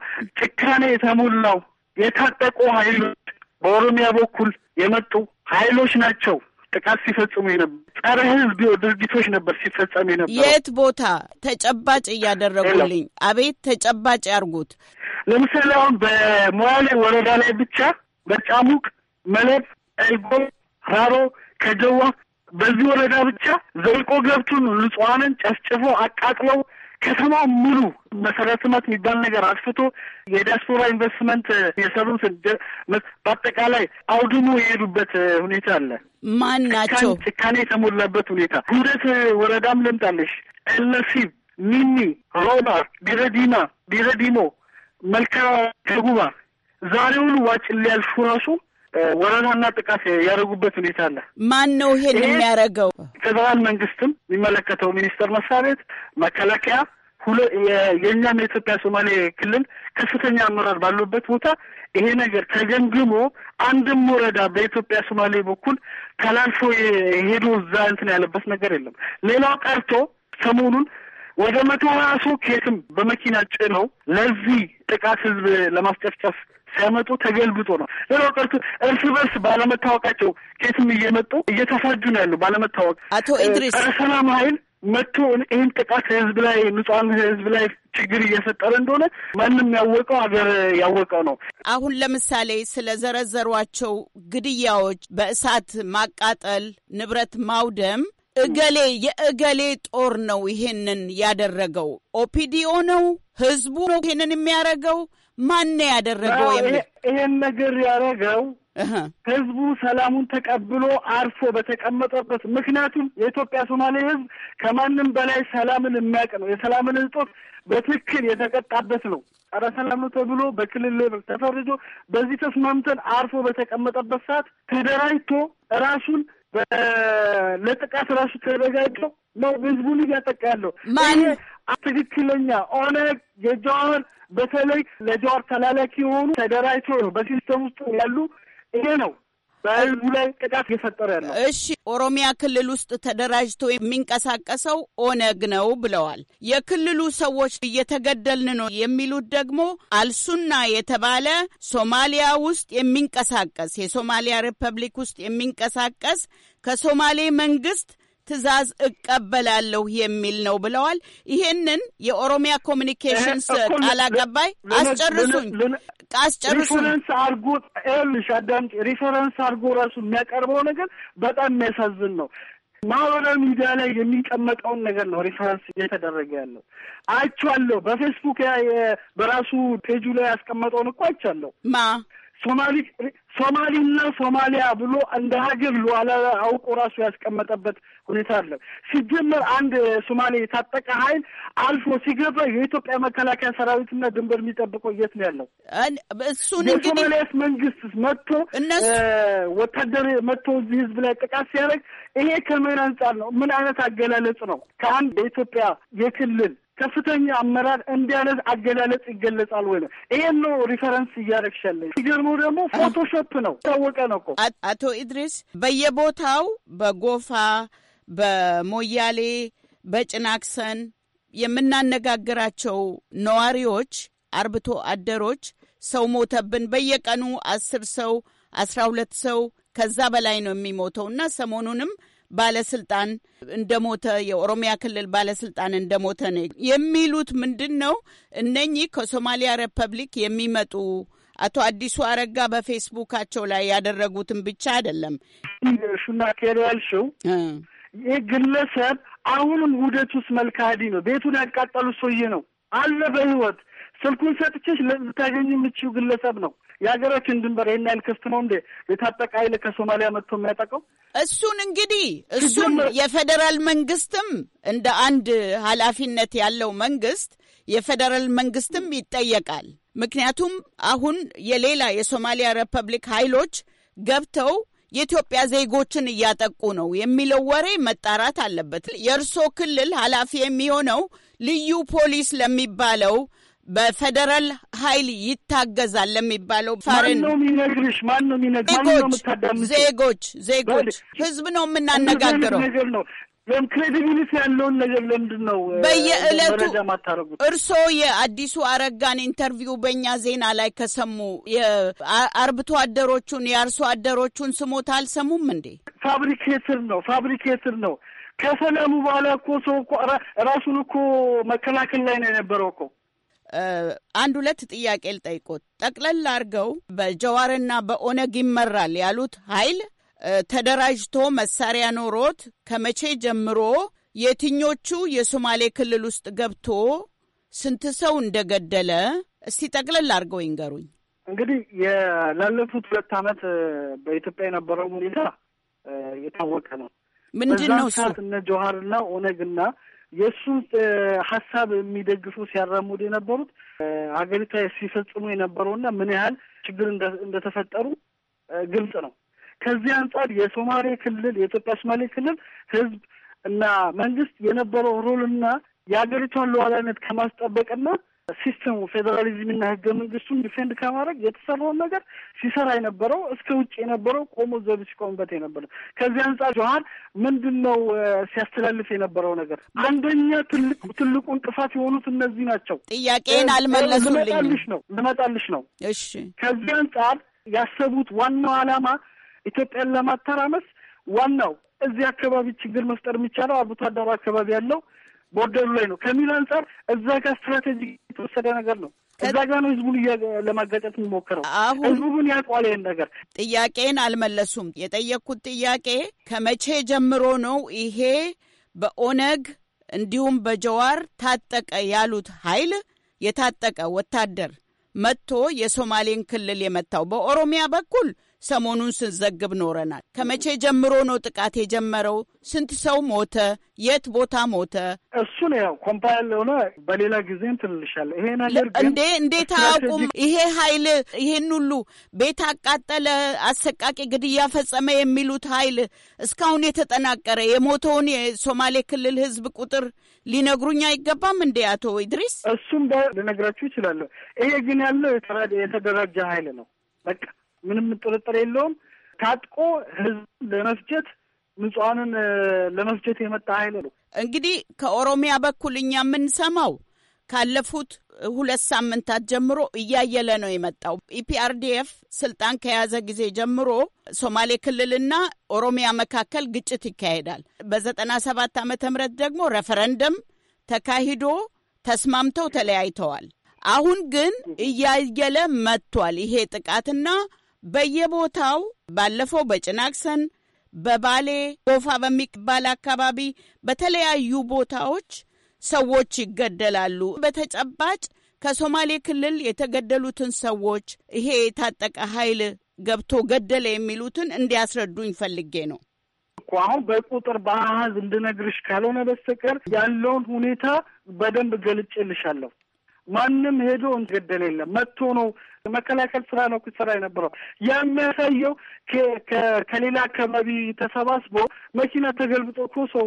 ጭካኔ የተሞላው የታጠቁ ኃይሎች በኦሮሚያ በኩል የመጡ ኃይሎች ናቸው ጥቃት ሲፈጽሙ የነበር ጸረ ህዝብ ድርጊቶች ነበር ሲፈጸሙ የነበር። የት ቦታ ተጨባጭ እያደረጉልኝ፣ አቤት ተጨባጭ ያርጉት። ለምሳሌ አሁን በሞያሌ ወረዳ ላይ ብቻ በጫሙቅ፣ መለብ፣ ኤልጎ፣ ራሮ፣ ከጀዋ በዚህ ወረዳ ብቻ ዘልቆ ገብቱን ንጹሐንን ጨፍጭፎ አቃጥለው ከተማ ሙሉ መሰረተ ልማት የሚባል ነገር አጥፍቶ የዲያስፖራ ኢንቨስትመንት የሰሩን በአጠቃላይ አውድሞ የሄዱበት ሁኔታ አለ። ማን ናቸው? ጭካኔ የተሞላበት ሁኔታ ጉደት ወረዳም ልምጣለሽ፣ ኤልነሲብ፣ ሚኒ፣ ሮማ፣ ቢረዲማ፣ ቢረዲሞ፣ መልካ፣ ከጉባ ዛሬውኑ ዋጭ ሊያልፉ ራሱ ወረራና ጥቃት ያደረጉበት ሁኔታ አለ። ማን ነው ይሄን የሚያደርገው? ፌዴራል መንግስትም የሚመለከተው ሚኒስቴር መስሪያ ቤት፣ መከላከያ፣ የእኛም የኢትዮጵያ ሶማሌ ክልል ከፍተኛ አመራር ባሉበት ቦታ ይሄ ነገር ተገምግሞ አንድም ወረዳ በኢትዮጵያ ሶማሌ በኩል ተላልፎ ሄዶ እዛ እንትን ያለበት ነገር የለም። ሌላው ቀርቶ ሰሞኑን ወደ መቶ ሀያ ሰው ኬትም በመኪና ጭነው ለዚህ ጥቃት ህዝብ ለማስጨፍጨፍ ሲያመጡ ተገልብጦ ነው። ሌላው ቀርቶ እርስ በርስ ባለመታወቃቸው ኬትም እየመጡ እየተፋጁ ነው ያሉ ባለመታወቅ። አቶ ኢድሪስ ጸረ ሀይል መጥቶ ይህን ጥቃት ህዝብ ላይ ንጹሐን ህዝብ ላይ ችግር እየፈጠረ እንደሆነ ማንም ያወቀው ሀገር ያወቀው ነው። አሁን ለምሳሌ ስለ ዘረዘሯቸው ግድያዎች፣ በእሳት ማቃጠል፣ ንብረት ማውደም እገሌ የእገሌ ጦር ነው ይሄንን ያደረገው፣ ኦፒዲዮ ነው፣ ህዝቡ ነው ይሄንን የሚያደርገው ማን ያደረገው? ይሄን ነገር ያደረገው ህዝቡ ሰላሙን ተቀብሎ አርፎ በተቀመጠበት። ምክንያቱም የኢትዮጵያ ሶማሌ ህዝብ ከማንም በላይ ሰላምን የሚያውቅ ነው። የሰላምን እጦት በትክክል የተቀጣበት ነው። ጸረ ሰላም ነው ተብሎ በክልል ሌቭል ተፈርጆ በዚህ ተስማምተን አርፎ በተቀመጠበት ሰዓት ተደራጅቶ ራሱን ለጥቃት ራሱ ተዘጋጅቶ ነው ህዝቡን እያጠቃ ያለው። ትክክለኛ ኦነግ የጀዋር በተለይ ለጀዋር ተላላኪ የሆኑ ተደራጅቶ ነው በሲስተም ውስጥ ያሉ ይሄ ነው በህዝቡ ላይ ቅጣት እየፈጠረ ያለው። እሺ ኦሮሚያ ክልል ውስጥ ተደራጅቶ የሚንቀሳቀሰው ኦነግ ነው ብለዋል። የክልሉ ሰዎች እየተገደልን ነው የሚሉት ደግሞ አልሱና የተባለ ሶማሊያ ውስጥ የሚንቀሳቀስ የሶማሊያ ሪፐብሊክ ውስጥ የሚንቀሳቀስ ከሶማሌ መንግስት ትዕዛዝ እቀበላለሁ የሚል ነው ብለዋል። ይሄንን የኦሮሚያ ኮሚኒኬሽንስ ቃል አቀባይ አስጨርሱኝ አስጨርሱኝ አርጎ ልሽ አዳምጪ። ሪፈረንስ አርጎ ራሱ የሚያቀርበው ነገር በጣም የሚያሳዝን ነው። ማህበራዊ ሚዲያ ላይ የሚቀመጠውን ነገር ነው ሪፈረንስ እየተደረገ ያለው። አይቻለሁ። በፌስቡክ በራሱ ፔጁ ላይ ያስቀመጠውን እኮ አይቻለሁ። ማ ሶማሊ ሶማሊና ሶማሊያ ብሎ እንደ ሀገር ሉዓላ አውቆ ራሱ ያስቀመጠበት ሁኔታ አለ። ሲጀመር አንድ ሶማሌ የታጠቀ ኃይል አልፎ ሲገባ የኢትዮጵያ መከላከያ ሰራዊትና ድንበር የሚጠብቀው የት ነው ያለው? እሱን የሶማሊያስ መንግስት መጥቶ ወታደር መጥቶ እዚህ ህዝብ ላይ ጥቃት ሲያደርግ ይሄ ከምን አንጻር ነው? ምን አይነት አገላለጽ ነው? ከአንድ በኢትዮጵያ የክልል ከፍተኛ አመራር እንዲህ አይነት አገላለጽ ይገለጻል ወይ ነው? ይሄን ነው ሪፈረንስ እያደረግሻለ። ሲገርመው ደግሞ ፎቶሾፕ ነው፣ ታወቀ ነው እኮ አቶ ኢድሪስ በየቦታው በጎፋ በሞያሌ በጭናክሰን የምናነጋግራቸው ነዋሪዎች፣ አርብቶ አደሮች ሰው ሞተብን፣ በየቀኑ አስር ሰው አስራ ሁለት ሰው ከዛ በላይ ነው የሚሞተው እና ሰሞኑንም ባለስልጣን እንደሞተ የኦሮሚያ ክልል ባለስልጣን እንደሞተ ነው የሚሉት። ምንድን ነው እነኚህ ከሶማሊያ ሪፐብሊክ የሚመጡ አቶ አዲሱ አረጋ በፌስቡካቸው ላይ ያደረጉትን ብቻ አይደለም ሹና ያልሽው ይህ ግለሰብ አሁንም ውደት ውስጥ መልካዲ ነው። ቤቱን ያቃጠሉ ሰውዬ ነው አለ በህይወት ስልኩን ሰጥችሽ ልታገኝ የምችው ግለሰብ ነው። የሀገራችን ድንበር ይህን ያህል ክፍት ነው እንዴ? የታጠቀ ኃይል ከሶማሊያ መጥቶ የሚያጠቀው እሱን እንግዲህ እሱን የፌዴራል መንግስትም እንደ አንድ ኃላፊነት ያለው መንግስት የፌዴራል መንግስትም ይጠየቃል። ምክንያቱም አሁን የሌላ የሶማሊያ ሪፐብሊክ ኃይሎች ገብተው የኢትዮጵያ ዜጎችን እያጠቁ ነው የሚለው ወሬ መጣራት አለበት። የእርሶ ክልል ኃላፊ የሚሆነው ልዩ ፖሊስ ለሚባለው በፌደራል ኃይል ይታገዛል ለሚባለው ፋሬን ማን ነው? ዜጎች ዜጎች ህዝብ ነው የምናነጋግረው። ወይም ክሬዲቢሊቲ ያለውን ነገር ለምንድን ነው በየእለቱ ማታረጉት? እርስዎ የአዲሱ አረጋን ኢንተርቪው በእኛ ዜና ላይ ከሰሙ የአርብቶ አደሮቹን የአርሶ አደሮቹን ስሞታ አልሰሙም እንዴ? ፋብሪኬትር ነው ፋብሪኬትር ነው። ከሰላሙ በኋላ እኮ ሰው እኮ ራሱን እኮ መከላከል ላይ ነው የነበረው እኮ። አንድ ሁለት ጥያቄ ልጠይቆት ጠቅለል አድርገው በጀዋርና በኦነግ ይመራል ያሉት ኃይል ተደራጅቶ መሳሪያ ኖሮት ከመቼ ጀምሮ የትኞቹ የሶማሌ ክልል ውስጥ ገብቶ ስንት ሰው እንደገደለ እስቲ ጠቅለል አድርገው ይንገሩኝ። እንግዲህ ላለፉት ሁለት ዓመት በኢትዮጵያ የነበረው ሁኔታ የታወቀ ነው። ምንድን ነው ሰዓት እነ ጆሀርና ኦነግና የእሱን ሀሳብ የሚደግፉ ሲያራሙድ የነበሩት ሀገሪቷ ሲፈጽሙ የነበረውና ምን ያህል ችግር እንደተፈጠሩ ግልጽ ነው። ከዚህ አንጻር የሶማሌ ክልል የኢትዮጵያ ሶማሌ ክልል ህዝብ እና መንግስት የነበረው ሮልና የሀገሪቷን ሉዓላዊነት ከማስጠበቅና ሲስተሙ ፌዴራሊዝምና ህገ መንግስቱን ዲፌንድ ከማድረግ የተሰራውን ነገር ሲሰራ የነበረው እስከ ውጭ የነበረው ቆሞ ዘብ ሲቆምበት የነበረ ከዚህ አንጻር ጆሀን ምንድን ነው ሲያስተላልፍ የነበረው ነገር አንደኛ ትልቅ ትልቁ እንቅፋት የሆኑት እነዚህ ናቸው። ጥያቄን አልመለሱልኝ። ልመጣልሽ ነው ልመጣልሽ ነው። እሺ ከዚህ አንጻር ያሰቡት ዋናው ዓላማ ኢትዮጵያን ለማተራመስ ዋናው እዚህ አካባቢ ችግር መፍጠር የሚቻለው አርብቶ አደሩ አካባቢ ያለው ቦርደሩ ላይ ነው ከሚል አንጻር እዛ ጋር ስትራቴጂ የተወሰደ ነገር ነው። እዛ ጋር ነው ህዝቡን ለማጋጨት የሚሞክረው። አሁን ህዝቡ ግን ይህን ነገር። ጥያቄን አልመለሱም። የጠየቅኩት ጥያቄ ከመቼ ጀምሮ ነው ይሄ በኦነግ እንዲሁም በጀዋር ታጠቀ ያሉት ኃይል የታጠቀ ወታደር መጥቶ የሶማሌን ክልል የመታው? በኦሮሚያ በኩል ሰሞኑን ስንዘግብ ኖረናል። ከመቼ ጀምሮ ነው ጥቃት የጀመረው? ስንት ሰው ሞተ? የት ቦታ ሞተ? ነው ያው ኮምፓይል ሆነ በሌላ ጊዜም ትልልሻለ። ይሄ ነገር እንዴ እንዴት አያውቁም? ይሄ ኃይል ይሄን ሁሉ ቤት አቃጠለ፣ አሰቃቂ ግድያ ፈጸመ የሚሉት ኃይል እስካሁን የተጠናቀረ የሞተውን የሶማሌ ክልል ህዝብ ቁጥር ሊነግሩኝ አይገባም እንዴ አቶ ኢድሪስ? እሱም ልነግራችሁ ይችላለሁ። ይሄ ግን ያለው የተደራጀ ኃይል ነው በቃ ምንም ጥርጥር የለውም። ታጥቆ ህዝብ ለመፍጀት ምጽዋንን ለመፍጀት የመጣ ኃይል ነው። እንግዲህ ከኦሮሚያ በኩል እኛ የምንሰማው ካለፉት ሁለት ሳምንታት ጀምሮ እያየለ ነው የመጣው። ኢፒአርዲኤፍ ስልጣን ከያዘ ጊዜ ጀምሮ ሶማሌ ክልልና ኦሮሚያ መካከል ግጭት ይካሄዳል። በዘጠና ሰባት ዓመተ ምህረት ደግሞ ሬፈረንደም ተካሂዶ ተስማምተው ተለያይተዋል። አሁን ግን እያየለ መጥቷል ይሄ ጥቃትና በየቦታው ባለፈው በጭናክሰን በባሌ ጎፋ በሚባል አካባቢ በተለያዩ ቦታዎች ሰዎች ይገደላሉ። በተጨባጭ ከሶማሌ ክልል የተገደሉትን ሰዎች ይሄ የታጠቀ ኃይል ገብቶ ገደለ የሚሉትን እንዲያስረዱኝ ፈልጌ ነው እኮ አሁን በቁጥር በአሃዝ እንድነግርሽ ካልሆነ በስተቀር ያለውን ሁኔታ በደንብ ገልጬልሻለሁ። ማንም ሄዶ እንገደል የለም። መጥቶ ነው መከላከል ስራ ነው ሲሰራ የነበረው። ያ የሚያሳየው ከሌላ አካባቢ ተሰባስቦ መኪና ተገልብጦ እኮ ሰው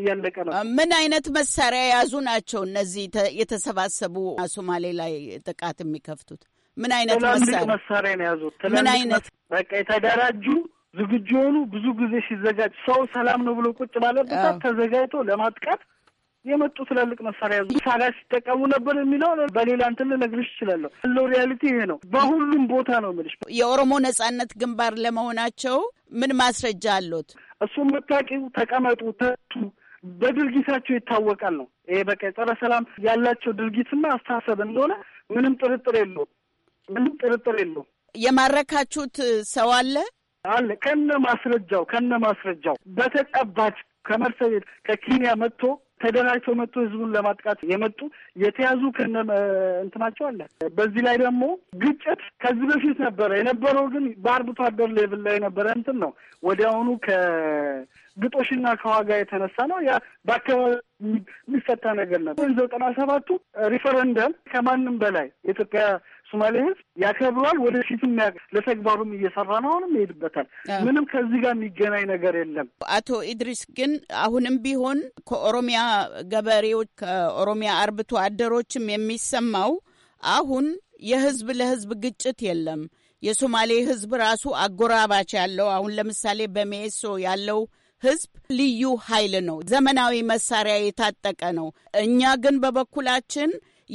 እያለቀ ነው። ምን አይነት መሳሪያ የያዙ ናቸው እነዚህ የተሰባሰቡ ሶማሌ ላይ ጥቃት የሚከፍቱት? ምን አይነት መሳሪያ መሳሪያ ነው የያዙት? ምን አይነት በቃ የተደራጁ ዝግጁ የሆኑ ብዙ ጊዜ ሲዘጋጅ ሰው ሰላም ነው ብሎ ቁጭ ባለበት ተዘጋጅቶ ለማጥቃት የመጡ ትላልቅ መሳሪያ ሳዳ ሲጠቀሙ ነበር የሚለው በሌላ እንትን ልነግርሽ እችላለሁ። ያለው ሪያሊቲ ይሄ ነው። በሁሉም ቦታ ነው የምልሽ። የኦሮሞ ነጻነት ግንባር ለመሆናቸው ምን ማስረጃ አሉት? እሱም መታቂው ተቀመጡ፣ ተቱ በድርጊታቸው ይታወቃል ነው። ይሄ በቃ የጸረ ሰላም ያላቸው ድርጊትና አስተሳሰብ እንደሆነ ምንም ጥርጥር የለውም። ምንም ጥርጥር የለውም። የማረካችሁት ሰው አለ አለ ከነ ማስረጃው ከነ ማስረጃው በተጨባጭ ከመርሰቤት ከኬንያ መጥቶ ተደራጅተው መጡ ህዝቡን ለማጥቃት የመጡ የተያዙ ከነ እንትናቸው አለ። በዚህ ላይ ደግሞ ግጭት ከዚህ በፊት ነበረ የነበረው ግን በአርብቶ አደር ሌቭል ላይ የነበረ እንትን ነው። ወዲያውኑ ከግጦሽና ከዋጋ የተነሳ ነው። ያ በአካባቢ የሚፈታ ነገር ነበር። ዘጠና ሰባቱ ሪፈረንደም ከማንም በላይ የኢትዮጵያ ሶማሌ ህዝብ ያከብረዋል። ወደፊትም ለተግባሩም እየሰራ ነው። አሁንም ይሄድበታል። ምንም ከዚህ ጋር የሚገናኝ ነገር የለም። አቶ ኢድሪስ ግን አሁንም ቢሆን ከኦሮሚያ ገበሬዎች፣ ከኦሮሚያ አርብቶ አደሮችም የሚሰማው አሁን የህዝብ ለህዝብ ግጭት የለም። የሶማሌ ህዝብ ራሱ አጎራባች ያለው አሁን ለምሳሌ በሜሶ ያለው ህዝብ ልዩ ኃይል ነው። ዘመናዊ መሳሪያ የታጠቀ ነው። እኛ ግን በበኩላችን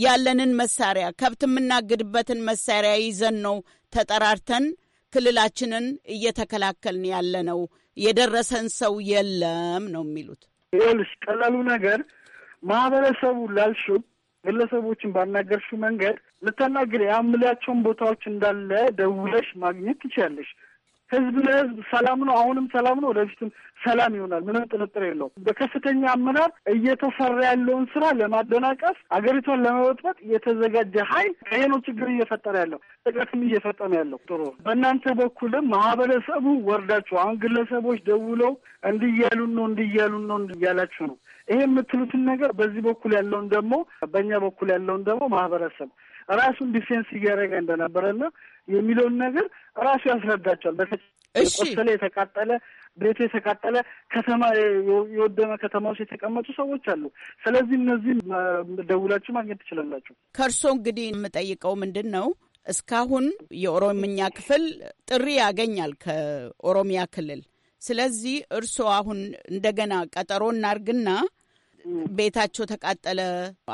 ያለንን መሳሪያ ከብት የምናግድበትን መሳሪያ ይዘን ነው ተጠራርተን ክልላችንን እየተከላከልን ያለ ነው። የደረሰን ሰው የለም ነው የሚሉት። ይኸውልሽ ቀላሉ ነገር ማህበረሰቡ ላልሽው ግለሰቦችን ባናገርሽው መንገድ ልታናግር የአምላቸውን ቦታዎች እንዳለ ደውለሽ ማግኘት ትችላለሽ። ህዝብ ለህዝብ ሰላም ነው። አሁንም ሰላም ነው። ወደፊትም ሰላም ይሆናል። ምንም ጥርጥር የለውም። በከፍተኛ አመራር እየተሰራ ያለውን ስራ ለማደናቀፍ አገሪቷን ለመበጥበጥ የተዘጋጀ ሀይል ይሄ ነው ችግር እየፈጠረ ያለው ጥቃትም እየፈጠነ ያለው። ጥሩ በእናንተ በኩልም ማህበረሰቡ ወርዳችሁ አሁን ግለሰቦች ደውለው እንዲያሉን ነው እንዲያሉን ነው እንዲያላችሁ ነው ይሄ የምትሉትን ነገር በዚህ በኩል ያለውን ደግሞ በእኛ በኩል ያለውን ደግሞ ማህበረሰብ ራሱን ዲፌንስ እያደረገ እንደነበረና የሚለውን ነገር ራሱ ያስረዳቸዋል። በተቆሰለ የተቃጠለ ቤት የተቃጠለ ከተማ የወደመ ከተማ ውስጥ የተቀመጡ ሰዎች አሉ። ስለዚህ እነዚህ ደውላችሁ ማግኘት ትችላላችሁ። ከእርሶ እንግዲህ የምጠይቀው ምንድን ነው እስካሁን የኦሮምኛ ክፍል ጥሪ ያገኛል ከኦሮሚያ ክልል። ስለዚህ እርስዎ አሁን እንደገና ቀጠሮ እናርግና ቤታቸው ተቃጠለ፣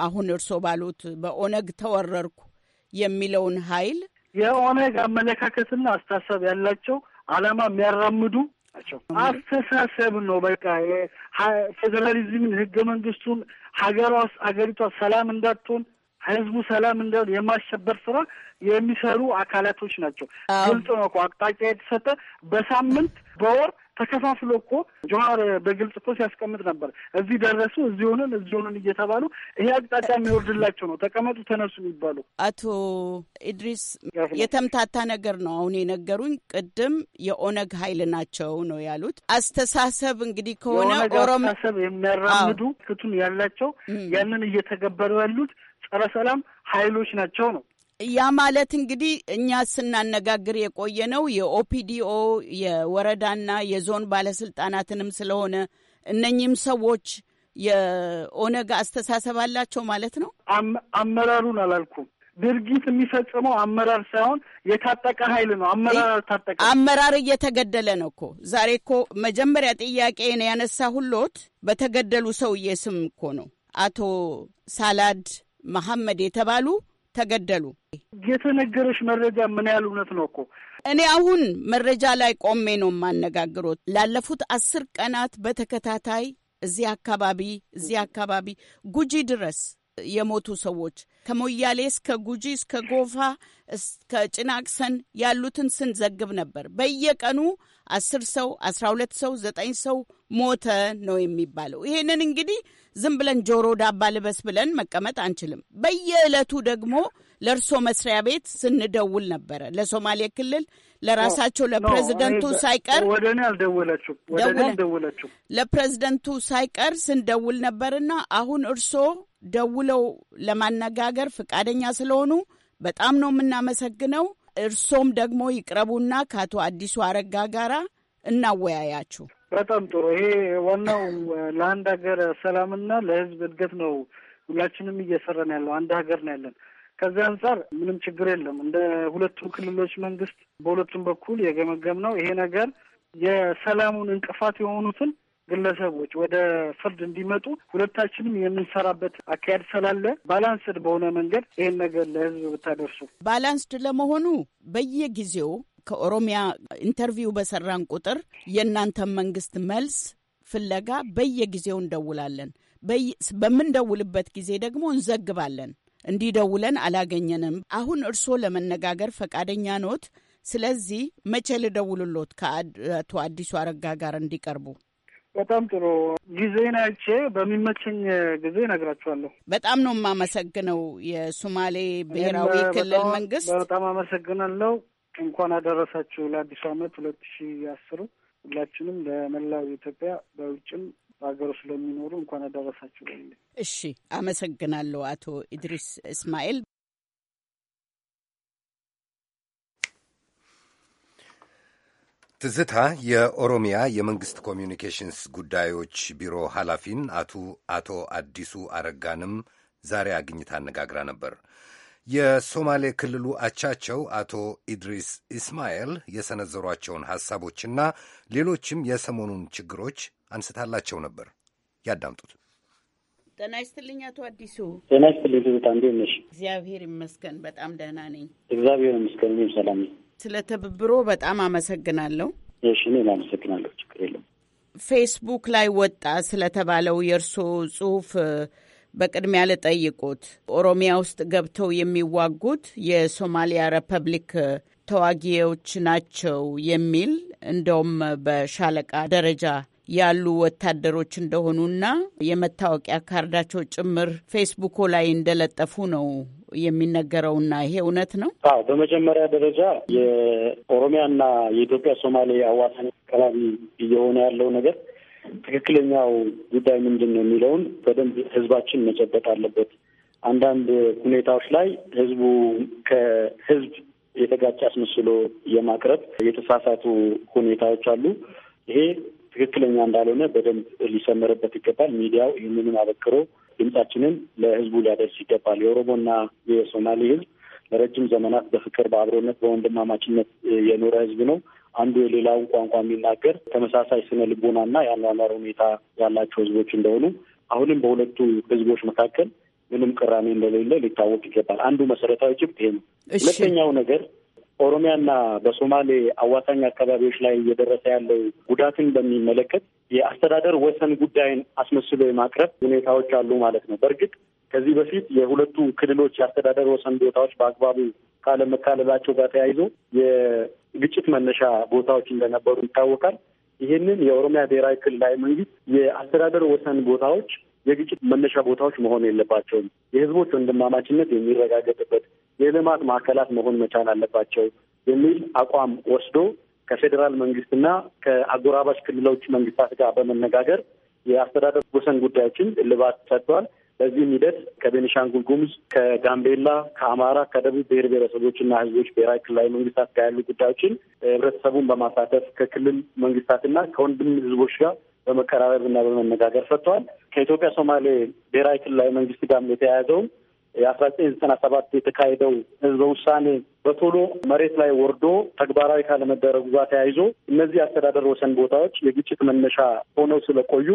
አሁን እርስዎ ባሉት በኦነግ ተወረርኩ የሚለውን ኃይል የኦነግ አመለካከትና አስተሳሰብ ያላቸው አላማ የሚያራምዱ ናቸው። አስተሳሰብ ነው። በቃ ፌዴራሊዝምን፣ ህገ መንግስቱን ሀገሯ ሀገሪቷ ሰላም እንዳትሆን ህዝቡ ሰላም እንደ የማሸበር ስራ የሚሰሩ አካላቶች ናቸው። ግልጽ ነው እኮ አቅጣጫ የተሰጠ በሳምንት በወር ተከፋፍሎ እኮ ጀዋር በግልጽ እኮ ሲያስቀምጥ ነበር። እዚህ ደረሱ፣ እዚህ ሆንን፣ እዚህ ሆንን እየተባሉ ይሄ አቅጣጫ የሚወርድላቸው ነው። ተቀመጡ፣ ተነሱ የሚባሉ አቶ ኢድሪስ የተምታታ ነገር ነው አሁን የነገሩኝ። ቅድም የኦነግ ኃይል ናቸው ነው ያሉት። አስተሳሰብ እንግዲህ ከሆነ ኦሮሞ አስተሳሰብ የሚያራምዱ ክቱን ያላቸው ያንን እየተገበሩ ያሉት ጸረ ሰላም ኃይሎች ናቸው ነው። ያ ማለት እንግዲህ እኛ ስናነጋግር የቆየ ነው የኦፒዲኦ የወረዳና የዞን ባለስልጣናትንም ስለሆነ እነኚህም ሰዎች የኦነግ አስተሳሰብ አላቸው ማለት ነው። አመራሩን አላልኩም። ድርጊት የሚፈጽመው አመራር ሳይሆን የታጠቀ ኃይል ነው። አመራር አልታጠቀ አመራር እየተገደለ ነው እኮ ዛሬ እኮ መጀመሪያ ጥያቄን ያነሳ ሁሎት በተገደሉ ሰውዬ ስም እኮ ነው አቶ ሳላድ መሐመድ የተባሉ ተገደሉ። የተነገረች መረጃ ምን ያህል እውነት ነው እኮ? እኔ አሁን መረጃ ላይ ቆሜ ነው የማነጋግሮት። ላለፉት አስር ቀናት በተከታታይ እዚህ አካባቢ እዚህ አካባቢ ጉጂ ድረስ የሞቱ ሰዎች ከሞያሌ እስከ ጉጂ እስከ ጎፋ እስከ ጭናቅሰን ያሉትን ስንዘግብ ነበር። በየቀኑ አስር ሰው አስራ ሁለት ሰው ዘጠኝ ሰው ሞተ ነው የሚባለው። ይሄንን እንግዲህ ዝም ብለን ጆሮ ዳባ ልበስ ብለን መቀመጥ አንችልም። በየዕለቱ ደግሞ ለእርሶ መስሪያ ቤት ስንደውል ነበረ ለሶማሌ ክልል ለራሳቸው ለፕሬዚደንቱ ሳይቀር ወደ እኔ አልደወለችም፣ ወደ እኔ አልደወለችም። ለፕሬዚደንቱ ሳይቀር ስንደውል ነበርና አሁን እርሶ ደውለው ለማነጋገር ፈቃደኛ ስለሆኑ በጣም ነው የምናመሰግነው። እርሶም ደግሞ ይቅረቡና ከአቶ አዲሱ አረጋ ጋራ እናወያያችሁ። በጣም ጥሩ። ይሄ ዋናው ለአንድ ሀገር ሰላምና ለህዝብ እድገት ነው ሁላችንም እየሰራን ያለው አንድ ሀገር ነው ያለን። ከዚህ አንጻር ምንም ችግር የለም። እንደ ሁለቱም ክልሎች መንግስት በሁለቱም በኩል የገመገም ነው ይሄ ነገር የሰላሙን እንቅፋት የሆኑትን ግለሰቦች ወደ ፍርድ እንዲመጡ ሁለታችንም የምንሰራበት አካሄድ ስላለ ባላንስድ በሆነ መንገድ ይህን ነገር ለህዝብ ብታደርሱ ባላንስድ ለመሆኑ በየጊዜው ከኦሮሚያ ኢንተርቪው በሰራን ቁጥር የእናንተን መንግስት መልስ ፍለጋ በየጊዜው እንደውላለን። በምንደውልበት ጊዜ ደግሞ እንዘግባለን። እንዲደውለን አላገኘንም። አሁን እርስዎ ለመነጋገር ፈቃደኛ ኖት? ስለዚህ መቼ ልደውልሎት ከአቶ አዲሱ አረጋ ጋር እንዲቀርቡ? በጣም ጥሩ ጊዜ ናቼ በሚመቸኝ ጊዜ እነግራችኋለሁ። በጣም ነው የማመሰግነው። የሱማሌ ብሔራዊ ክልል መንግስት በጣም አመሰግናለሁ። እንኳን አደረሳችሁ ለአዲሱ ዓመት ሁለት ሺ አስሩ ሁላችንም ለመላው ኢትዮጵያ በውጭም በሀገሩ ስለሚኖሩ እንኳን አደረሳችሁ። እሺ፣ አመሰግናለሁ አቶ ኢድሪስ እስማኤል። ትዝታ የኦሮሚያ የመንግስት ኮሚኒኬሽንስ ጉዳዮች ቢሮ ኃላፊን አቶ አቶ አዲሱ አረጋንም ዛሬ አግኝታ አነጋግራ ነበር። የሶማሌ ክልሉ አቻቸው አቶ ኢድሪስ ኢስማኤል የሰነዘሯቸውን ሐሳቦችና ሌሎችም የሰሞኑን ችግሮች አንስታላቸው ነበር። ያዳምጡት። ጤና ይስጥልኝ አቶ አዲሱ። ጤና ይስጥልኝ ትዝታ፣ እንዴት ነሽ? እግዚአብሔር ይመስገን በጣም ደህና ነኝ። እግዚአብሔር ይመስገን እኔም ሰላም ነኝ። ስለ ትብብሮ በጣም አመሰግናለሁ። እሺ፣ እኔም አመሰግናለሁ። ችግር የለም። ፌስቡክ ላይ ወጣ ስለተባለው የእርስዎ ጽሁፍ በቅድሚያ ልጠይቁት። ኦሮሚያ ውስጥ ገብተው የሚዋጉት የሶማሊያ ሪፐብሊክ ተዋጊዎች ናቸው የሚል እንደውም በሻለቃ ደረጃ ያሉ ወታደሮች እንደሆኑና የመታወቂያ ካርዳቸው ጭምር ፌስቡኮ ላይ እንደለጠፉ ነው የሚነገረውና ይሄ እውነት ነው? አዎ። በመጀመሪያ ደረጃ የኦሮሚያና የኢትዮጵያ ሶማሌ አዋሳኝ አካባቢ እየሆነ ያለው ነገር ትክክለኛው ጉዳይ ምንድን ነው የሚለውን በደንብ ህዝባችን መጨበጥ አለበት። አንዳንድ ሁኔታዎች ላይ ህዝቡ ከህዝብ የተጋጨ አስመስሎ የማቅረብ የተሳሳቱ ሁኔታዎች አሉ። ይሄ ትክክለኛ እንዳልሆነ በደንብ ሊሰመርበት ይገባል። ሚዲያው ይህንንም አበክሮ ድምጻችንን ለህዝቡ ሊያደርስ ይገባል። የኦሮሞና የሶማሌ ህዝብ ለረጅም ዘመናት በፍቅር በአብሮነት፣ በወንድማማችነት የኖረ ህዝብ ነው። አንዱ የሌላውን ቋንቋ የሚናገር ተመሳሳይ ስነ ልቦናና የአኗኗር ሁኔታ ያላቸው ህዝቦች እንደሆኑ አሁንም በሁለቱ ህዝቦች መካከል ምንም ቅራኔ እንደሌለ ሊታወቅ ይገባል። አንዱ መሰረታዊ ጭብጥ ይሄ ነው። ሁለተኛው ነገር በኦሮሚያና በሶማሌ አዋሳኝ አካባቢዎች ላይ እየደረሰ ያለው ጉዳትን በሚመለከት የአስተዳደር ወሰን ጉዳይን አስመስሎ የማቅረብ ሁኔታዎች አሉ ማለት ነው። በእርግጥ ከዚህ በፊት የሁለቱ ክልሎች የአስተዳደር ወሰን ቦታዎች በአግባቡ ካለመካለላቸው ጋር ተያይዞ የግጭት መነሻ ቦታዎች እንደነበሩ ይታወቃል። ይህንን የኦሮሚያ ብሔራዊ ክልላዊ መንግስት የአስተዳደር ወሰን ቦታዎች የግጭት መነሻ ቦታዎች መሆን የለባቸውም፣ የህዝቦች ወንድማማችነት የሚረጋገጥበት የልማት ማዕከላት መሆን መቻል አለባቸው የሚል አቋም ወስዶ ከፌዴራል መንግስትና ከአጎራባች ክልሎች መንግስታት ጋር በመነጋገር የአስተዳደር ወሰን ጉዳዮችን እልባት ሰጥቷል። በዚህም ሂደት ከቤኒሻንጉል ጉሙዝ፣ ከጋምቤላ፣ ከአማራ፣ ከደቡብ ብሔር ብሔረሰቦችና ህዝቦች ብሔራዊ ክልላዊ መንግስታት ጋር ያሉ ጉዳዮችን ህብረተሰቡን በማሳተፍ ከክልል መንግስታትና ከወንድም ህዝቦች ጋር በመቀራረብ እና በመነጋገር ሰጥተዋል። ከኢትዮጵያ ሶማሌ ብሔራዊ ክልላዊ መንግስት ጋር የተያያዘውም የአስራ ዘጠኝ ዘጠና ሰባት የተካሄደው ህዝበ ውሳኔ በቶሎ መሬት ላይ ወርዶ ተግባራዊ ካለመደረጉ ጋር ተያይዞ እነዚህ የአስተዳደር ወሰን ቦታዎች የግጭት መነሻ ሆነው ስለቆዩ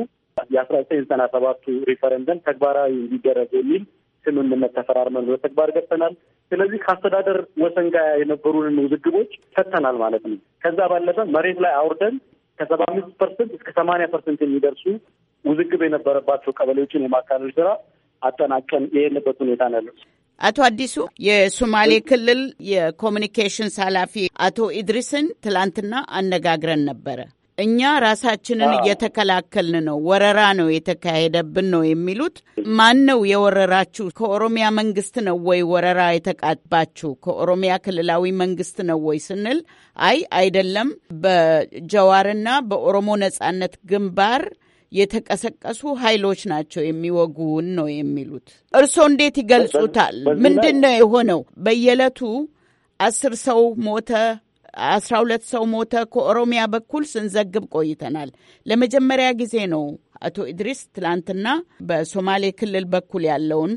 የአስራ ዘጠኝ ዘጠና ሰባቱ ሪፈረንደም ተግባራዊ እንዲደረግ የሚል ስምምነት ተፈራርመን በተግባር ገብተናል። ስለዚህ ከአስተዳደር ወሰን ጋር የነበሩንን ውዝግቦች ፈተናል ማለት ነው። ከዛ ባለፈ መሬት ላይ አውርደን ከሰባ አምስት ፐርሰንት እስከ ሰማንያ ፐርሰንት የሚደርሱ ውዝግብ የነበረባቸው ቀበሌዎችን የማካለል ስራ አጠናቀን የሄንበት ሁኔታ ነው ያለው። አቶ አዲሱ የሶማሌ ክልል የኮሚኒኬሽንስ ኃላፊ አቶ ኢድሪስን ትላንትና አነጋግረን ነበረ። እኛ ራሳችንን እየተከላከልን ነው፣ ወረራ ነው የተካሄደብን ነው የሚሉት። ማን ነው የወረራችሁ? ከኦሮሚያ መንግስት ነው ወይ ወረራ የተቃባችሁ? ከኦሮሚያ ክልላዊ መንግስት ነው ወይ ስንል አይ አይደለም፣ በጀዋርና በኦሮሞ ነጻነት ግንባር የተቀሰቀሱ ኃይሎች ናቸው የሚወጉውን ነው የሚሉት። እርስዎ እንዴት ይገልጹታል? ምንድን ነው የሆነው? በየዕለቱ አስር ሰው ሞተ፣ አስራ ሁለት ሰው ሞተ። ከኦሮሚያ በኩል ስንዘግብ ቆይተናል። ለመጀመሪያ ጊዜ ነው አቶ ኢድሪስ ትላንትና በሶማሌ ክልል በኩል ያለውን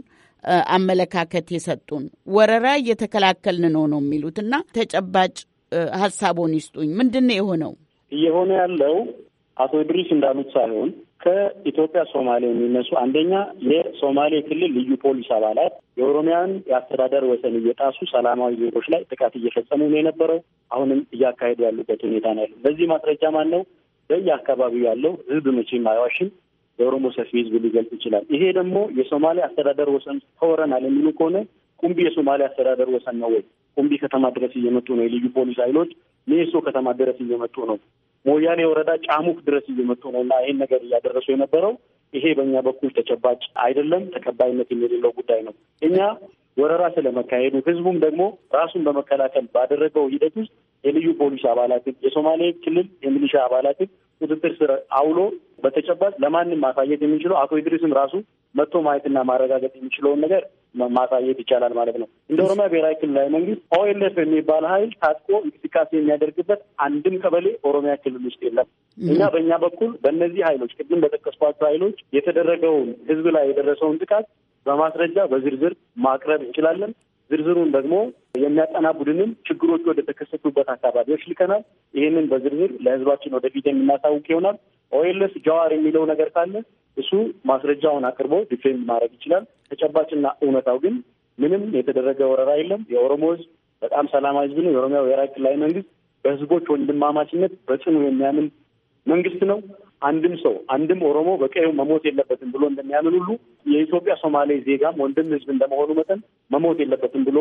አመለካከት የሰጡን። ወረራ እየተከላከልን ነው ነው የሚሉት እና ተጨባጭ ሀሳቦን ይስጡኝ። ምንድን ነው የሆነው? እየሆነ ያለው አቶ ድሪስ እንዳሉት ሳይሆን ከኢትዮጵያ ሶማሌ የሚነሱ አንደኛ የሶማሌ ክልል ልዩ ፖሊስ አባላት የኦሮሚያን የአስተዳደር ወሰን እየጣሱ ሰላማዊ ዜጎች ላይ ጥቃት እየፈጸሙ ነው የነበረው። አሁንም እያካሄዱ ያሉበት ሁኔታ ነው ያለው። በዚህ ማስረጃ ማን ነው? በየአካባቢው ያለው ህዝብ መቼም አይዋሽም። የኦሮሞ ሰፊ ህዝብ ሊገልጽ ይችላል። ይሄ ደግሞ የሶማሌ አስተዳደር ወሰን ተወረናል የሚሉ ከሆነ ቁምቢ የሶማሌ አስተዳደር ወሰን ነው ወይ? ቁምቢ ከተማ ድረስ እየመጡ ነው የልዩ ፖሊስ ኃይሎች፣ ሜሶ ከተማ ድረስ እየመጡ ነው። ሞያሌ ወረዳ ጫሙክ ድረስ እየመጡ ነው እና ይህን ነገር እያደረሱ የነበረው ይሄ በእኛ በኩል ተጨባጭ አይደለም፣ ተቀባይነት የሌለው ጉዳይ ነው። እኛ ወረራ ስለመካሄዱ ህዝቡም ደግሞ ራሱን በመከላከል ባደረገው ሂደት ውስጥ የልዩ ፖሊስ አባላትን የሶማሌ ክልል የሚሊሻ አባላትን ቁጥጥር ስር አውሎ በተጨባጭ ለማንም ማሳየት የሚችለው አቶ ኢድሪስም ራሱ መጥቶ ማየትና ማረጋገጥ የሚችለውን ነገር ማሳየት ይቻላል ማለት ነው። እንደ ኦሮሚያ ብሔራዊ ክልላዊ መንግስት ኦኤልኤፍ የሚባል ኃይል ታጥቆ እንቅስቃሴ የሚያደርግበት አንድም ቀበሌ ኦሮሚያ ክልል ውስጥ የለም። እኛ በእኛ በኩል በእነዚህ ኃይሎች ቅድም በጠቀስኳቸው ኃይሎች የተደረገውን ህዝብ ላይ የደረሰውን ጥቃት በማስረጃ በዝርዝር ማቅረብ እንችላለን። ዝርዝሩን ደግሞ የሚያጠና ቡድንም ችግሮች ወደ ተከሰቱበት አካባቢዎች ልከናል። ይህንን በዝርዝር ለህዝባችን ወደፊት የምናሳውቅ ይሆናል። ኦኤልስ ጀዋር የሚለው ነገር ካለ እሱ ማስረጃውን አቅርቦ ዲፌንድ ማድረግ ይችላል። ተጨባጭና እውነታው ግን ምንም የተደረገ ወረራ የለም። የኦሮሞ ህዝብ በጣም ሰላማዊ ህዝብ ነው። የኦሮሚያ ብሔራዊ ክልላዊ መንግስት በህዝቦች ወንድማማችነት በጽኑ የሚያምን መንግስት ነው። አንድም ሰው አንድም ኦሮሞ በቀዩ መሞት የለበትም ብሎ እንደሚያምን ሁሉ የኢትዮጵያ ሶማሌ ዜጋም ወንድም ህዝብ እንደመሆኑ መጠን መሞት የለበትም ብሎ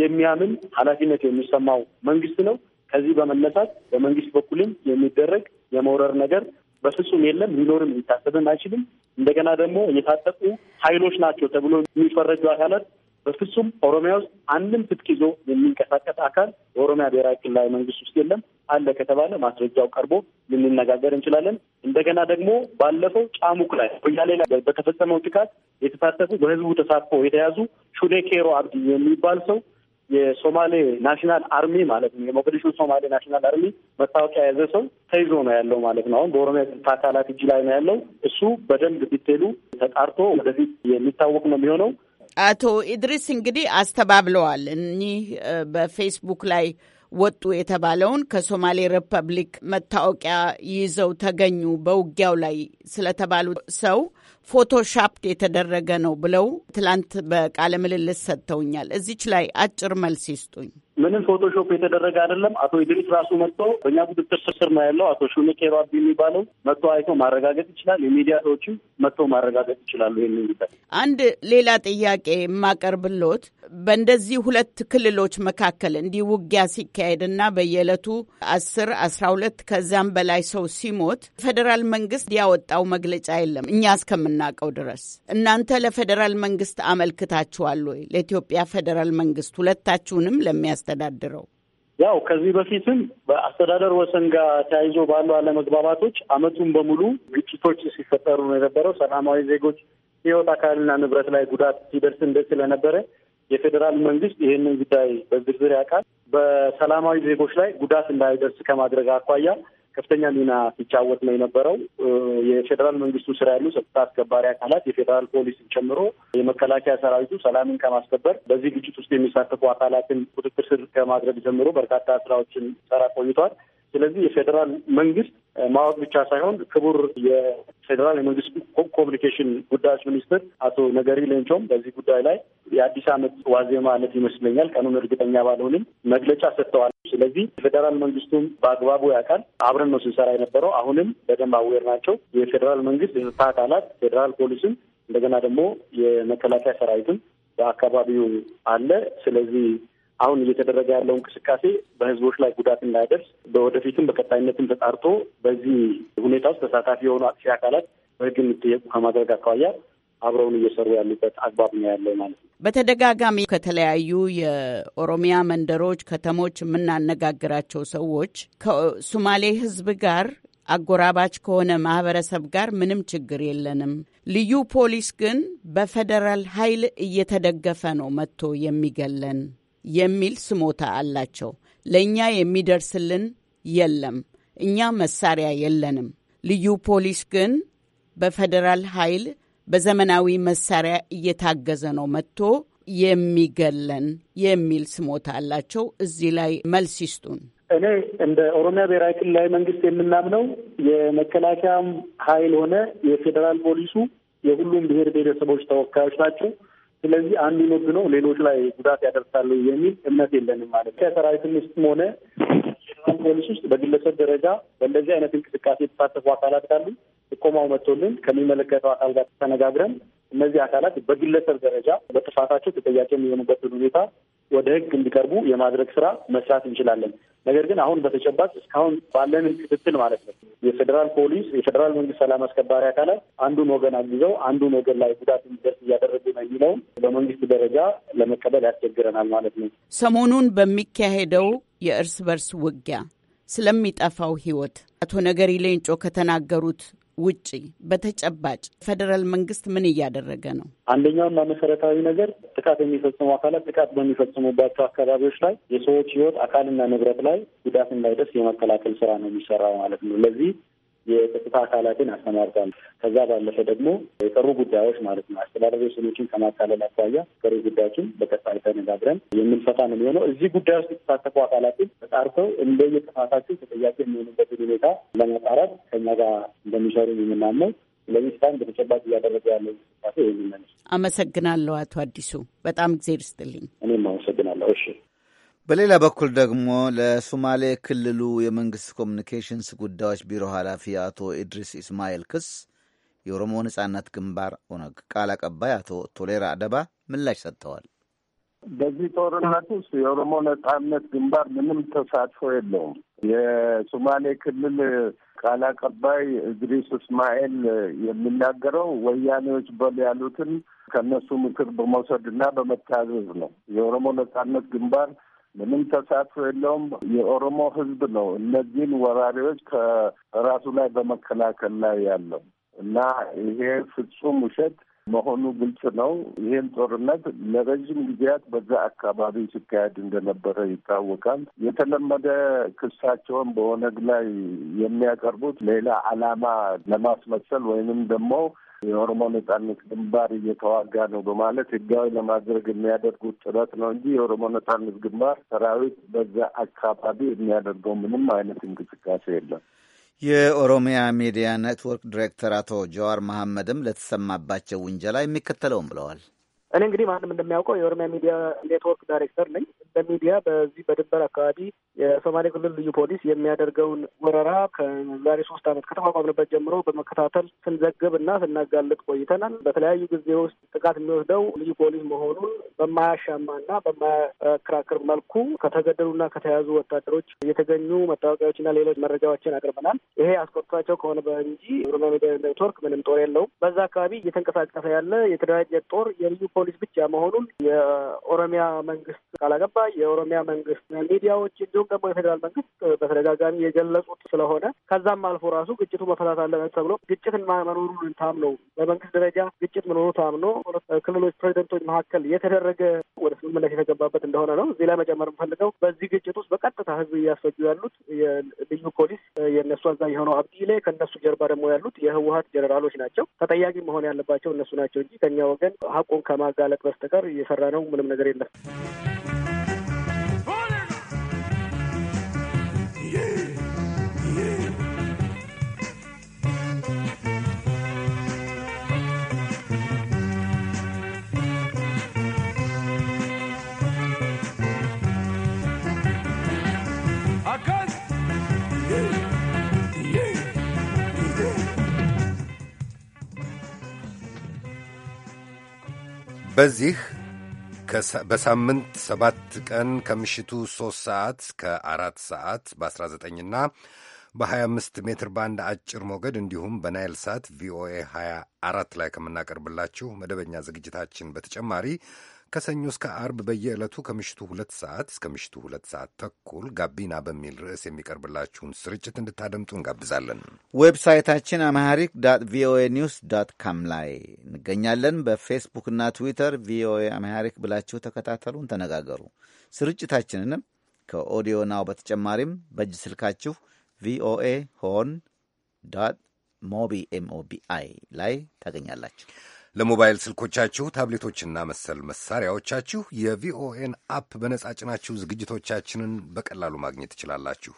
የሚያምን ኃላፊነት የሚሰማው መንግስት ነው። ከዚህ በመነሳት በመንግስት በኩልም የሚደረግ የመውረር ነገር በፍጹም የለም፣ ሊኖርም ሊታሰብም አይችልም። እንደገና ደግሞ የታጠቁ ኃይሎች ናቸው ተብሎ የሚፈረጁ አካላት በፍጹም ኦሮሚያ ውስጥ አንድም ትጥቅ ይዞ የሚንቀሳቀስ አካል በኦሮሚያ ብሔራዊ ክልላዊ መንግስት ውስጥ የለም። አለ ከተባለ ማስረጃው ቀርቦ ልንነጋገር እንችላለን። እንደገና ደግሞ ባለፈው ጫሙቅ ላይ ወያሌ ላይ በተፈጸመው ጥቃት የተሳተፉ በህዝቡ ተሳትፎ የተያዙ ሹዴ ኬሮ አብዲ የሚባል ሰው የሶማሌ ናሽናል አርሚ ማለት ነው የሞቃዲሾ ሶማሌ ናሽናል አርሚ መታወቂያ የያዘ ሰው ተይዞ ነው ያለው ማለት ነው። አሁን በኦሮሚያ ጸጥታ አካላት እጅ ላይ ነው ያለው። እሱ በደንብ ቢቴሉ ተጣርቶ ወደፊት የሚታወቅ ነው የሚሆነው። አቶ ኢድሪስ እንግዲህ አስተባብለዋል። እኒህ በፌስቡክ ላይ ወጡ የተባለውን ከሶማሌ ሪፐብሊክ መታወቂያ ይዘው ተገኙ በውጊያው ላይ ስለተባሉ ሰው ፎቶሻፕድ የተደረገ ነው ብለው ትላንት በቃለ ምልልስ ሰጥተውኛል። እዚች ላይ አጭር መልስ ይስጡኝ። ምንም ፎቶሾፕ የተደረገ አይደለም። አቶ ኢድሪስ ራሱ መጥቶ በእኛ ቁጥጥር ስር ነው ያለው። አቶ ሹሜ የሚባለው መጥቶ አይቶ ማረጋገጥ ይችላል። የሚዲያ ሰዎችም መጥቶ ማረጋገጥ ይችላሉ። ይህንን አንድ ሌላ ጥያቄ የማቀርብሎት በእንደዚህ ሁለት ክልሎች መካከል እንዲህ ውጊያ ሲካሄድና በየዕለቱ አስር አስራ ሁለት ከዚያም በላይ ሰው ሲሞት ፌዴራል መንግስት ያወጣው መግለጫ የለም እኛ እስከምናውቀው ድረስ። እናንተ ለፌዴራል መንግስት አመልክታችኋል ወይ? ለኢትዮጵያ ፌዴራል መንግስት ሁለታችሁንም ለሚያስ የምታስተዳድረው? ያው ከዚህ በፊትም በአስተዳደር ወሰን ጋር ተያይዞ ባሉ አለመግባባቶች አመቱን በሙሉ ግጭቶች ሲፈጠሩ ነው የነበረው። ሰላማዊ ዜጎች ህይወት አካልና ንብረት ላይ ጉዳት ሲደርስ እንደ ስለነበረ የፌዴራል መንግስት ይህንን ጉዳይ በዝርዝር ያውቃል። በሰላማዊ ዜጎች ላይ ጉዳት እንዳይደርስ ከማድረግ አኳያ ከፍተኛ ሚና ሲጫወት ነው የነበረው። የፌዴራል መንግስቱ ስራ ያሉ ጸጥታ አስከባሪ አካላት የፌዴራል ፖሊስን ጨምሮ የመከላከያ ሰራዊቱ ሰላምን ከማስከበር በዚህ ግጭት ውስጥ የሚሳተፉ አካላትን ቁጥጥር ስር ከማድረግ ጀምሮ በርካታ ስራዎችን ሰራ ቆይቷል። ስለዚህ የፌዴራል መንግስት ማወቅ ብቻ ሳይሆን ክቡር የፌዴራል የመንግስት ኮሚኒኬሽን ጉዳዮች ሚኒስትር አቶ ነገሪ ሌንጮም በዚህ ጉዳይ ላይ የአዲስ ዓመት ዋዜማ ዕለት ይመስለኛል ቀኑን እርግጠኛ ባልሆንም መግለጫ ሰጥተዋል። ስለዚህ የፌዴራል መንግስቱም በአግባቡ ያውቃል። አብረን ነው ስንሰራ የነበረው። አሁንም በደንብ አዌር ናቸው። የፌዴራል መንግስት የጸጥታ አካላት ፌዴራል ፖሊስም እንደገና ደግሞ የመከላከያ ሰራዊትም በአካባቢው አለ። ስለዚህ አሁን እየተደረገ ያለው እንቅስቃሴ በህዝቦች ላይ ጉዳት እንዳይደርስ በወደፊትም በቀጣይነትም ተጣርቶ በዚህ ሁኔታ ውስጥ ተሳታፊ የሆኑ አጥፊ አካላት በህግ የሚጠየቁ ከማድረግ አኳያ አብረውን እየሰሩ ያሉበት አግባብ ነው ያለው ማለት ነው። በተደጋጋሚ ከተለያዩ የኦሮሚያ መንደሮች፣ ከተሞች የምናነጋግራቸው ሰዎች ከሱማሌ ህዝብ ጋር አጎራባች ከሆነ ማህበረሰብ ጋር ምንም ችግር የለንም፣ ልዩ ፖሊስ ግን በፌደራል ኃይል እየተደገፈ ነው መጥቶ የሚገለን የሚል ስሞታ አላቸው። ለእኛ የሚደርስልን የለም። እኛ መሳሪያ የለንም። ልዩ ፖሊስ ግን በፌዴራል ኃይል በዘመናዊ መሳሪያ እየታገዘ ነው መጥቶ የሚገለን የሚል ስሞታ አላቸው። እዚህ ላይ መልስ ይስጡን። እኔ እንደ ኦሮሚያ ብሔራዊ ክልላዊ መንግስት የምናምነው የመከላከያም ኃይል ሆነ የፌዴራል ፖሊሱ የሁሉም ብሔር ብሔረሰቦች ተወካዮች ናቸው። ስለዚህ ንግ ነው ሌሎች ላይ ጉዳት ያደርሳሉ የሚል እምነት የለንም ማለት ከሰራዊትም ውስጥም ሆነ ፌዴራል ፖሊስ ውስጥ በግለሰብ ደረጃ በእንደዚህ አይነት እንቅስቃሴ የተሳተፉ አካላት ካሉ ጥቆማው መጥቶልን ከሚመለከተው አካል ጋር ተነጋግረን እነዚህ አካላት በግለሰብ ደረጃ በጥፋታቸው ተጠያቂ የሚሆኑበትን ሁኔታ ወደ ሕግ እንዲቀርቡ የማድረግ ስራ መስራት እንችላለን። ነገር ግን አሁን በተጨባጭ እስካሁን ባለን ክትትል ማለት ነው የፌዴራል ፖሊስ የፌዴራል መንግስት ሰላም አስከባሪ አካላት አንዱን ወገን አግዘው አንዱን ወገን ላይ ጉዳት እንዲደርስ እያደረጉ ነው የሚለውን በመንግስት ደረጃ ለመቀበል ያስቸግረናል ማለት ነው። ሰሞኑን በሚካሄደው የእርስ በርስ ውጊያ፣ ስለሚጠፋው ህይወት አቶ ነገሪ ሌንጮ ከተናገሩት ውጪ በተጨባጭ ፌዴራል መንግስት ምን እያደረገ ነው? አንደኛውና መሰረታዊ ነገር ጥቃት የሚፈጽሙ አካላት ጥቃት በሚፈጽሙባቸው አካባቢዎች ላይ የሰዎች ህይወት አካልና ንብረት ላይ ጉዳት እንዳይደርስ የመከላከል ስራ ነው የሚሰራው ማለት ነው። ለዚህ የጸጥታ አካላትን አሰማርቷል። ከዛ ባለፈ ደግሞ የቀሩ ጉዳዮች ማለት ነው አስተዳደር ስኖችን ከማካለል አኳያ ቀሩ ጉዳዮችን በቀጣይ ተነጋግረን የምንፈታ ነው የሚሆነው። እዚህ ጉዳይ ውስጥ የተሳተፉ አካላትን ተጣርተው እንደ የጥፋታችን ተጠያቂ የሚሆኑበትን ሁኔታ ለማጣራት ከኛ ጋር እንደሚሰሩ የምናምነው። ስለዚህ ስታን በተጨባጭ እያደረገ ያለው እንቅስቃሴ ይህንን አመሰግናለሁ። አቶ አዲሱ በጣም እግዜር ይስጥልኝ። እኔም አመሰግናለሁ። እሺ በሌላ በኩል ደግሞ ለሶማሌ ክልሉ የመንግሥት ኮሚኒኬሽንስ ጉዳዮች ቢሮ ኃላፊ አቶ ኢድሪስ ኢስማኤል ክስ የኦሮሞ ነጻነት ግንባር ኦነግ ቃል አቀባይ አቶ ቶሌራ አደባ ምላሽ ሰጥተዋል። በዚህ ጦርነት ውስጥ የኦሮሞ ነጻነት ግንባር ምንም ተሳትፎ የለውም። የሶማሌ ክልል ቃል አቀባይ እድሪስ እስማኤል የሚናገረው ወያኔዎች በል ያሉትን ከእነሱ ምክር በመውሰድ እና በመታዘዝ ነው። የኦሮሞ ነጻነት ግንባር ምንም ተሳትፎ የለውም። የኦሮሞ ህዝብ ነው እነዚህን ወራሪዎች ከራሱ ላይ በመከላከል ላይ ያለው እና ይሄ ፍጹም ውሸት መሆኑ ግልጽ ነው። ይህን ጦርነት ለረዥም ጊዜያት በዛ አካባቢ ሲካሄድ እንደነበረ ይታወቃል። የተለመደ ክሳቸውን በኦነግ ላይ የሚያቀርቡት ሌላ ዓላማ ለማስመሰል ወይንም ደግሞ የኦሮሞ ነጻነት ግንባር እየተዋጋ ነው በማለት ህጋዊ ለማድረግ የሚያደርጉት ጥረት ነው እንጂ የኦሮሞ ነጻነት ግንባር ሰራዊት በዛ አካባቢ የሚያደርገው ምንም አይነት እንቅስቃሴ የለም። የኦሮሚያ ሚዲያ ኔትወርክ ዲሬክተር አቶ ጀዋር መሐመድም ለተሰማባቸው ውንጀላ የሚከተለውም ብለዋል። እኔ እንግዲህ ማንም እንደሚያውቀው የኦሮሚያ ሚዲያ ኔትወርክ ዳይሬክተር ነኝ። እንደ ሚዲያ በዚህ በድንበር አካባቢ የሶማሌ ክልል ልዩ ፖሊስ የሚያደርገውን ወረራ ከዛሬ ሶስት ዓመት ከተቋቋምንበት ጀምሮ በመከታተል ስንዘግብ እና ስናጋልጥ ቆይተናል። በተለያዩ ጊዜ ውስጥ ጥቃት የሚወስደው ልዩ ፖሊስ መሆኑን በማያሻማና በማያከራክር መልኩ ከተገደሉና ከተያዙ ወታደሮች የተገኙ መታወቂያዎችና ሌሎች መረጃዎችን አቅርበናል። ይሄ አስቆጥቷቸው ከሆነ በእንጂ የኦሮሚያ ሚዲያ ኔትወርክ ምንም ጦር የለውም። በዛ አካባቢ እየተንቀሳቀሰ ያለ የተደራጀ ጦር የልዩ ፖሊስ ብቻ መሆኑን የኦሮሚያ መንግስት ቃል አቀባይ፣ የኦሮሚያ መንግስት ሚዲያዎች እንዲሁም ደግሞ የፌዴራል መንግስት በተደጋጋሚ የገለጹት ስለሆነ ከዛም አልፎ ራሱ ግጭቱ መፈታት አለበት ተብሎ ግጭትን መኖሩን ታምኖ በመንግስት ደረጃ ግጭት መኖሩ ታምኖ ክልሎች ፕሬዚደንቶች መካከል የተደረገ ወደ ስምምነት የተገባበት እንደሆነ ነው። እዚህ ላይ መጨመር የምፈልገው በዚህ ግጭት ውስጥ በቀጥታ ህዝብ እያስፈጁ ያሉት የልዩ ፖሊስ የእነሱ አዛዥ የሆነው አብዲሌ ከእነሱ ጀርባ ደግሞ ያሉት የህወሀት ጀኔራሎች ናቸው። ተጠያቂ መሆን ያለባቸው እነሱ ናቸው እንጂ ከኛ ወገን ሀቁን ከማ ከማጋለጥ በስተቀር እየሰራ ነው ምንም ነገር የለም። በዚህ በሳምንት ሰባት ቀን ከምሽቱ ሶስት ሰዓት ከአራት ሰዓት በ19 ና በ25 ሜትር ባንድ አጭር ሞገድ እንዲሁም በናይል ሳት ቪኦኤ 24 ላይ ከምናቀርብላችሁ መደበኛ ዝግጅታችን በተጨማሪ ከሰኞ እስከ አርብ በየዕለቱ ከምሽቱ ሁለት ሰዓት እስከ ምሽቱ ሁለት ሰዓት ተኩል ጋቢና በሚል ርዕስ የሚቀርብላችሁን ስርጭት እንድታደምጡ እንጋብዛለን። ዌብሳይታችን አማሐሪክ ዳት ቪኦኤ ኒውስ ዳት ካም ላይ እንገኛለን። በፌስቡክና ትዊተር ቪኦኤ አማሐሪክ ብላችሁ ተከታተሉን፣ ተነጋገሩ። ስርጭታችንንም ከኦዲዮ ናው በተጨማሪም በእጅ ስልካችሁ ቪኦኤ ሆን ዳት ሞቢ ኤምኦቢአይ ላይ ታገኛላችሁ። ለሞባይል ስልኮቻችሁ ታብሌቶችና መሰል መሳሪያዎቻችሁ የቪኦኤን አፕ በነጻ ጭናችሁ ዝግጅቶቻችንን በቀላሉ ማግኘት ትችላላችሁ።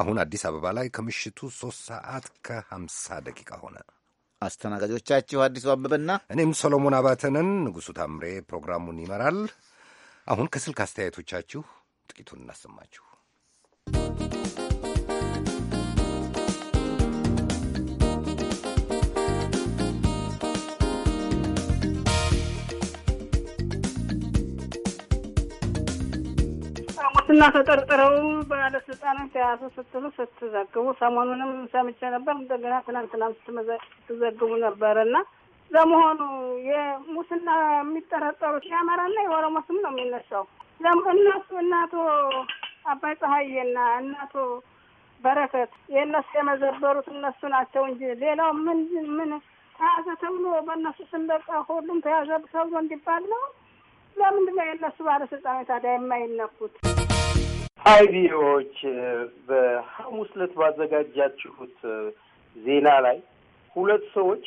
አሁን አዲስ አበባ ላይ ከምሽቱ ሶስት ሰዓት ከሀምሳ ደቂቃ ሆነ። አስተናጋጆቻችሁ አዲሱ አበበና እኔም ሰሎሞን አባተንን። ንጉሡ ታምሬ ፕሮግራሙን ይመራል። አሁን ከስልክ አስተያየቶቻችሁ ጥቂቱን እናሰማችሁ። ስና ተጠርጥረው ባለስልጣናት ተያዙ ስትሉ ስትዘግቡ ሰሞኑንም ሰምቼ ነበር። እንደገና ትናንትናም ስትዘግቡ ነበር እና ለመሆኑ የሙስና የሚጠረጠሩት የአማራና የኦሮሞ ስም ነው የሚነሳው? እነሱ እናቶ አባይ ፀሐዬና እናቶ በረከት የእነሱ የመዘበሩት እነሱ ናቸው እንጂ ሌላው ምን ምን ተያዘ ተብሎ በእነሱ ስም በቃ ሁሉም ተያዘ ተብሎ እንዲባል ነው። ለምንድን ነው የእነሱ ባለስልጣኖች ታዲያ የማይነኩት? አይቪዎች በሐሙስ ዕለት ባዘጋጃችሁት ዜና ላይ ሁለት ሰዎች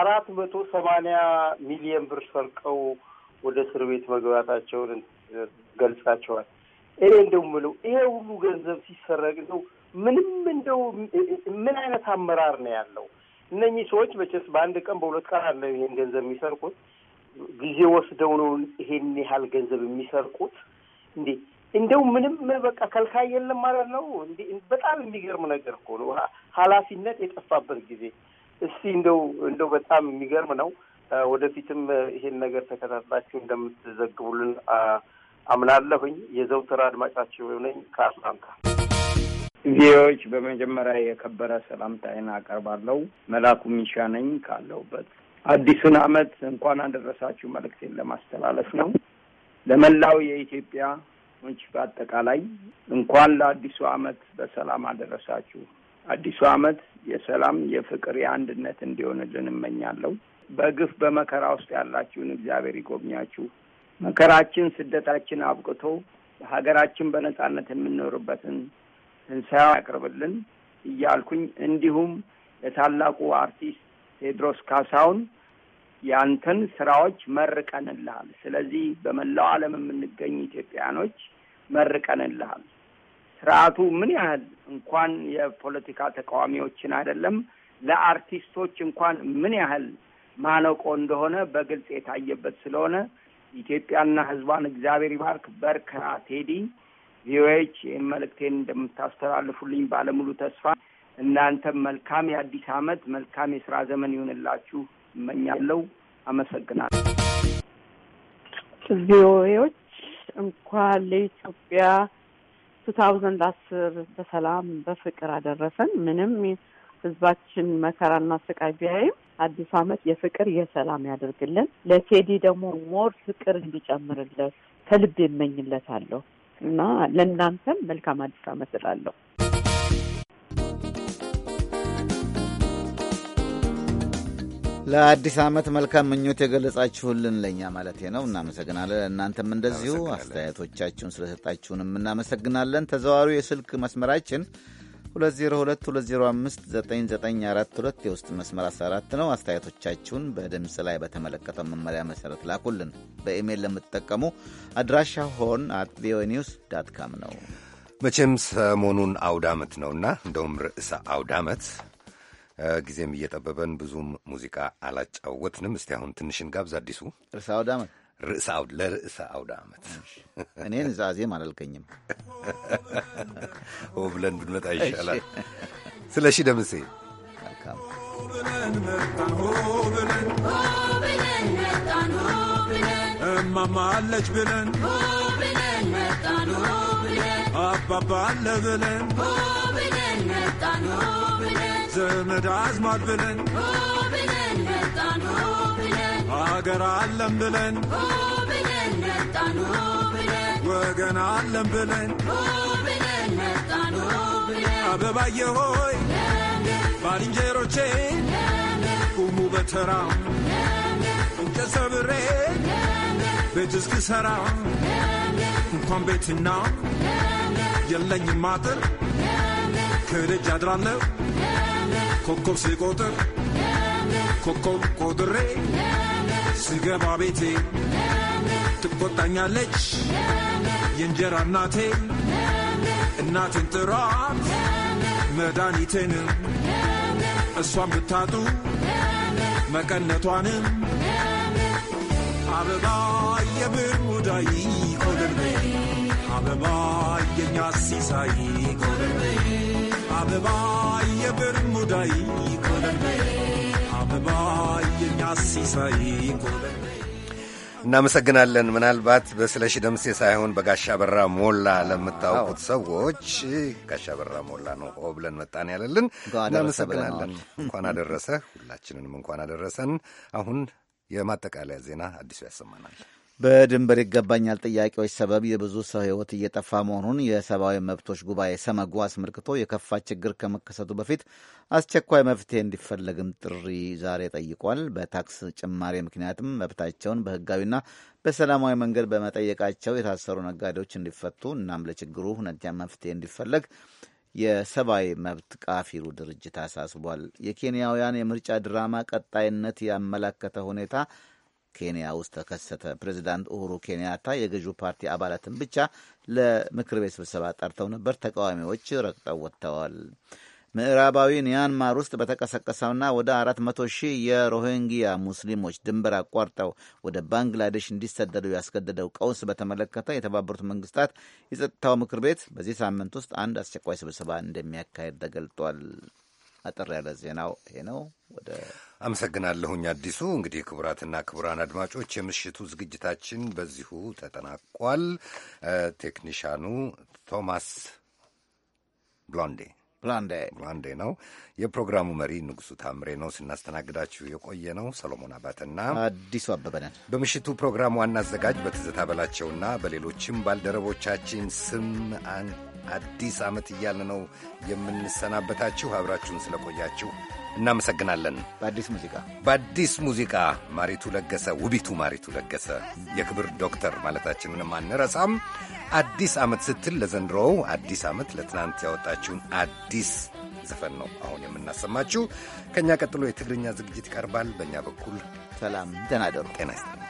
አራት መቶ ሰማንያ ሚሊየን ብር ሰርቀው ወደ እስር ቤት መግባታቸውን ገልጻቸዋል። እኔ እንደው ምለው ይሄ ሁሉ ገንዘብ ሲሰረቅ ነው ምንም እንደው ምን አይነት አመራር ነው ያለው? እነኚህ ሰዎች መቼስ በአንድ ቀን በሁለት ቀን አለ ይሄን ገንዘብ የሚሰርቁት ጊዜ ወስደው ነው ይሄን ያህል ገንዘብ የሚሰርቁት እንዴ? እንደው ምንም በቃ ከልካይ የለም ማለት ነው። በጣም የሚገርም ነገር እኮ ነው። ኃላፊነት የጠፋበት ጊዜ። እስቲ እንደው እንደው በጣም የሚገርም ነው። ወደፊትም ይሄን ነገር ተከታትላችሁ እንደምትዘግቡልን አምናለሁኝ። የዘውትር አድማጫችሁ ነኝ ከአትላንታ ቪዎች። በመጀመሪያ የከበረ ሰላምታዬን አቀርባለሁ። መላኩ ሚሻ ነኝ ካለሁበት። አዲሱን አመት እንኳን አደረሳችሁ መልእክቴን ለማስተላለፍ ነው ለመላው የኢትዮጵያ አድማጮች በአጠቃላይ እንኳን ለአዲሱ ዓመት በሰላም አደረሳችሁ። አዲሱ ዓመት የሰላም፣ የፍቅር፣ የአንድነት እንዲሆንልን እመኛለሁ። በግፍ በመከራ ውስጥ ያላችሁን እግዚአብሔር ይጎብኛችሁ። መከራችን፣ ስደታችን አብቅቶ ሀገራችን በነጻነት የምንኖርበትን ትንሣኤ ያቅርብልን እያልኩኝ እንዲሁም የታላቁ አርቲስት ቴዎድሮስ ካሳሁን ያንተን ስራዎች መርቀንልሃል። ስለዚህ በመላው ዓለም የምንገኝ ኢትዮጵያኖች መርቀንልሃል። ስርዓቱ ምን ያህል እንኳን የፖለቲካ ተቃዋሚዎችን አይደለም ለአርቲስቶች እንኳን ምን ያህል ማነቆ እንደሆነ በግልጽ የታየበት ስለሆነ ኢትዮጵያና ሕዝቧን እግዚአብሔር ይባርክ። በርካ ቴዲ። ቪኦኤች ይህም መልእክቴን እንደምታስተላልፉልኝ ባለሙሉ ተስፋ እናንተም መልካም የአዲስ ዓመት መልካም የስራ ዘመን ይሁንላችሁ እመኛለሁ። አመሰግናለሁ። ቪኦኤዎች እንኳን ለኢትዮጵያ ቱ ታውዘንድ አስር በሰላም በፍቅር አደረሰን። ምንም ህዝባችን መከራና ስቃይ ቢያይም አዲሱ ዓመት የፍቅር የሰላም ያደርግልን። ለቴዲ ደግሞ ሞር ፍቅር እንዲጨምርለት ከልብ የመኝለታለሁ እና ለእናንተም መልካም አዲስ አመት እላለሁ። ለአዲስ ዓመት መልካም ምኞት የገለጻችሁልን ለእኛ ማለት ነው እናመሰግናለን። እናንተም እንደዚሁ አስተያየቶቻችሁን ስለሰጣችሁንም እናመሰግናለን። ተዘዋሪ የስልክ መስመራችን 2022059942 የውስጥ መስመር 14 ነው። አስተያየቶቻችሁን በድምፅ ላይ በተመለከተው መመሪያ መሰረት ላኩልን። በኢሜይል ለምትጠቀሙ አድራሻ ሆን አት ቪኦኤ ኒውስ ዳት ካም ነው። መቼም ሰሞኑን አውድ ዓመት ነውና እንደውም ርዕሰ አውድ ዓመት ጊዜም እየጠበበን ብዙም ሙዚቃ አላጫወትንም። እስቲ አሁን ትንሽን ጋብዝ። አዲሱ ርዕሰ አውደ ዓመት ርዕሰ አውድ ለርዕሰ አውደ ዓመት እኔን እዛ ዜም አላልቀኝም ብለን ብንመጣ ይሻላል። ስለ ሺ ደምሴ እማማለች ብለን አባባለ ብለን ዘመድ አዝማድ ብለን አገር አለም ብለን ወገን አለም ብለን አበባዬ ሆይ ባልንጀሮቼ ቁሙ በተራ እንጨት ሰብሬ ቤት እስክሰራ እንኳን ቤትና የለኝም አጥር ከደጅ አድራለሁ ኮኮብ ስቆጥር ኮኮብ ቆጥሬ ስገባ ቤቴ ትቆጣኛለች የእንጀራ እናቴ እናቴን ጥሯት መድኃኒቴንም እሷን ብታጡ መቀነቷንም አበባ የብር ሙዳይ አበባ የኛ ሲሳይ ቆደርበይ አበባ የበርሙዳይ አበባ የኛ ሲሳይ እናመሰግናለን። ምናልባት በስለሺ ደምሴ ሳይሆን በጋሻ በራ ሞላ ለምታውቁት ሰዎች ጋሻ በራ ሞላ ነው ሆ ብለን መጣን ያለልን። እናመሰግናለን። እንኳን አደረሰ። ሁላችንንም እንኳን አደረሰን። አሁን የማጠቃለያ ዜና አዲሱ ያሰማናል። በድንበር ይገባኛል ጥያቄዎች ሰበብ የብዙ ሰው ሕይወት እየጠፋ መሆኑን የሰብአዊ መብቶች ጉባኤ ሰመጉ አስመልክቶ የከፋ ችግር ከመከሰቱ በፊት አስቸኳይ መፍትሄ እንዲፈለግም ጥሪ ዛሬ ጠይቋል። በታክስ ጭማሪ ምክንያትም መብታቸውን በህጋዊና በሰላማዊ መንገድ በመጠየቃቸው የታሰሩ ነጋዴዎች እንዲፈቱ እናም ለችግሩ ሁነኛ መፍትሄ እንዲፈለግ የሰብአዊ መብት ቃፊሩ ድርጅት አሳስቧል። የኬንያውያን የምርጫ ድራማ ቀጣይነት ያመላከተ ሁኔታ ኬንያ ውስጥ ተከሰተ። ፕሬዚዳንት ኡሁሩ ኬንያታ የገዢው ፓርቲ አባላትን ብቻ ለምክር ቤት ስብሰባ ጠርተው ነበር። ተቃዋሚዎች ረግጠው ወጥተዋል። ምዕራባዊ ሚያንማር ውስጥ በተቀሰቀሰውና ወደ አራት መቶ ሺህ የሮሂንግያ ሙስሊሞች ድንበር አቋርጠው ወደ ባንግላዴሽ እንዲሰደዱ ያስገደደው ቀውስ በተመለከተ የተባበሩት መንግስታት የጸጥታው ምክር ቤት በዚህ ሳምንት ውስጥ አንድ አስቸኳይ ስብሰባ እንደሚያካሄድ ተገልጧል። አጠር ያለ ዜናው ይሄ ነው። ወደ አመሰግናለሁኝ አዲሱ። እንግዲህ ክቡራትና ክቡራን አድማጮች የምሽቱ ዝግጅታችን በዚሁ ተጠናቋል። ቴክኒሻኑ ቶማስ ብሎንዴ ብላንዴ ብላንዴ ነው። የፕሮግራሙ መሪ ንጉሱ ታምሬ ነው። ስናስተናግዳችሁ የቆየ ነው ሰሎሞን አባተና አዲሱ አበበነን። በምሽቱ ፕሮግራም ዋና አዘጋጅ በትዝታ በላቸውና በሌሎችም ባልደረቦቻችን ስም አዲስ ዓመት እያልን ነው የምንሰናበታችሁ። አብራችሁን ስለቆያችሁ እናመሰግናለን። በአዲስ ሙዚቃ በአዲስ ሙዚቃ ማሪቱ ለገሰ ውቢቱ ማሪቱ ለገሰ የክብር ዶክተር ማለታችንንም አንረሳም። አዲስ ዓመት ስትል ለዘንድሮው አዲስ ዓመት ለትናንት ያወጣችውን አዲስ ዘፈን ነው አሁን የምናሰማችሁ። ከእኛ ቀጥሎ የትግርኛ ዝግጅት ይቀርባል። በእኛ በኩል ሰላም፣ ደህና ደሩ። ጤና ይስጥልኝ።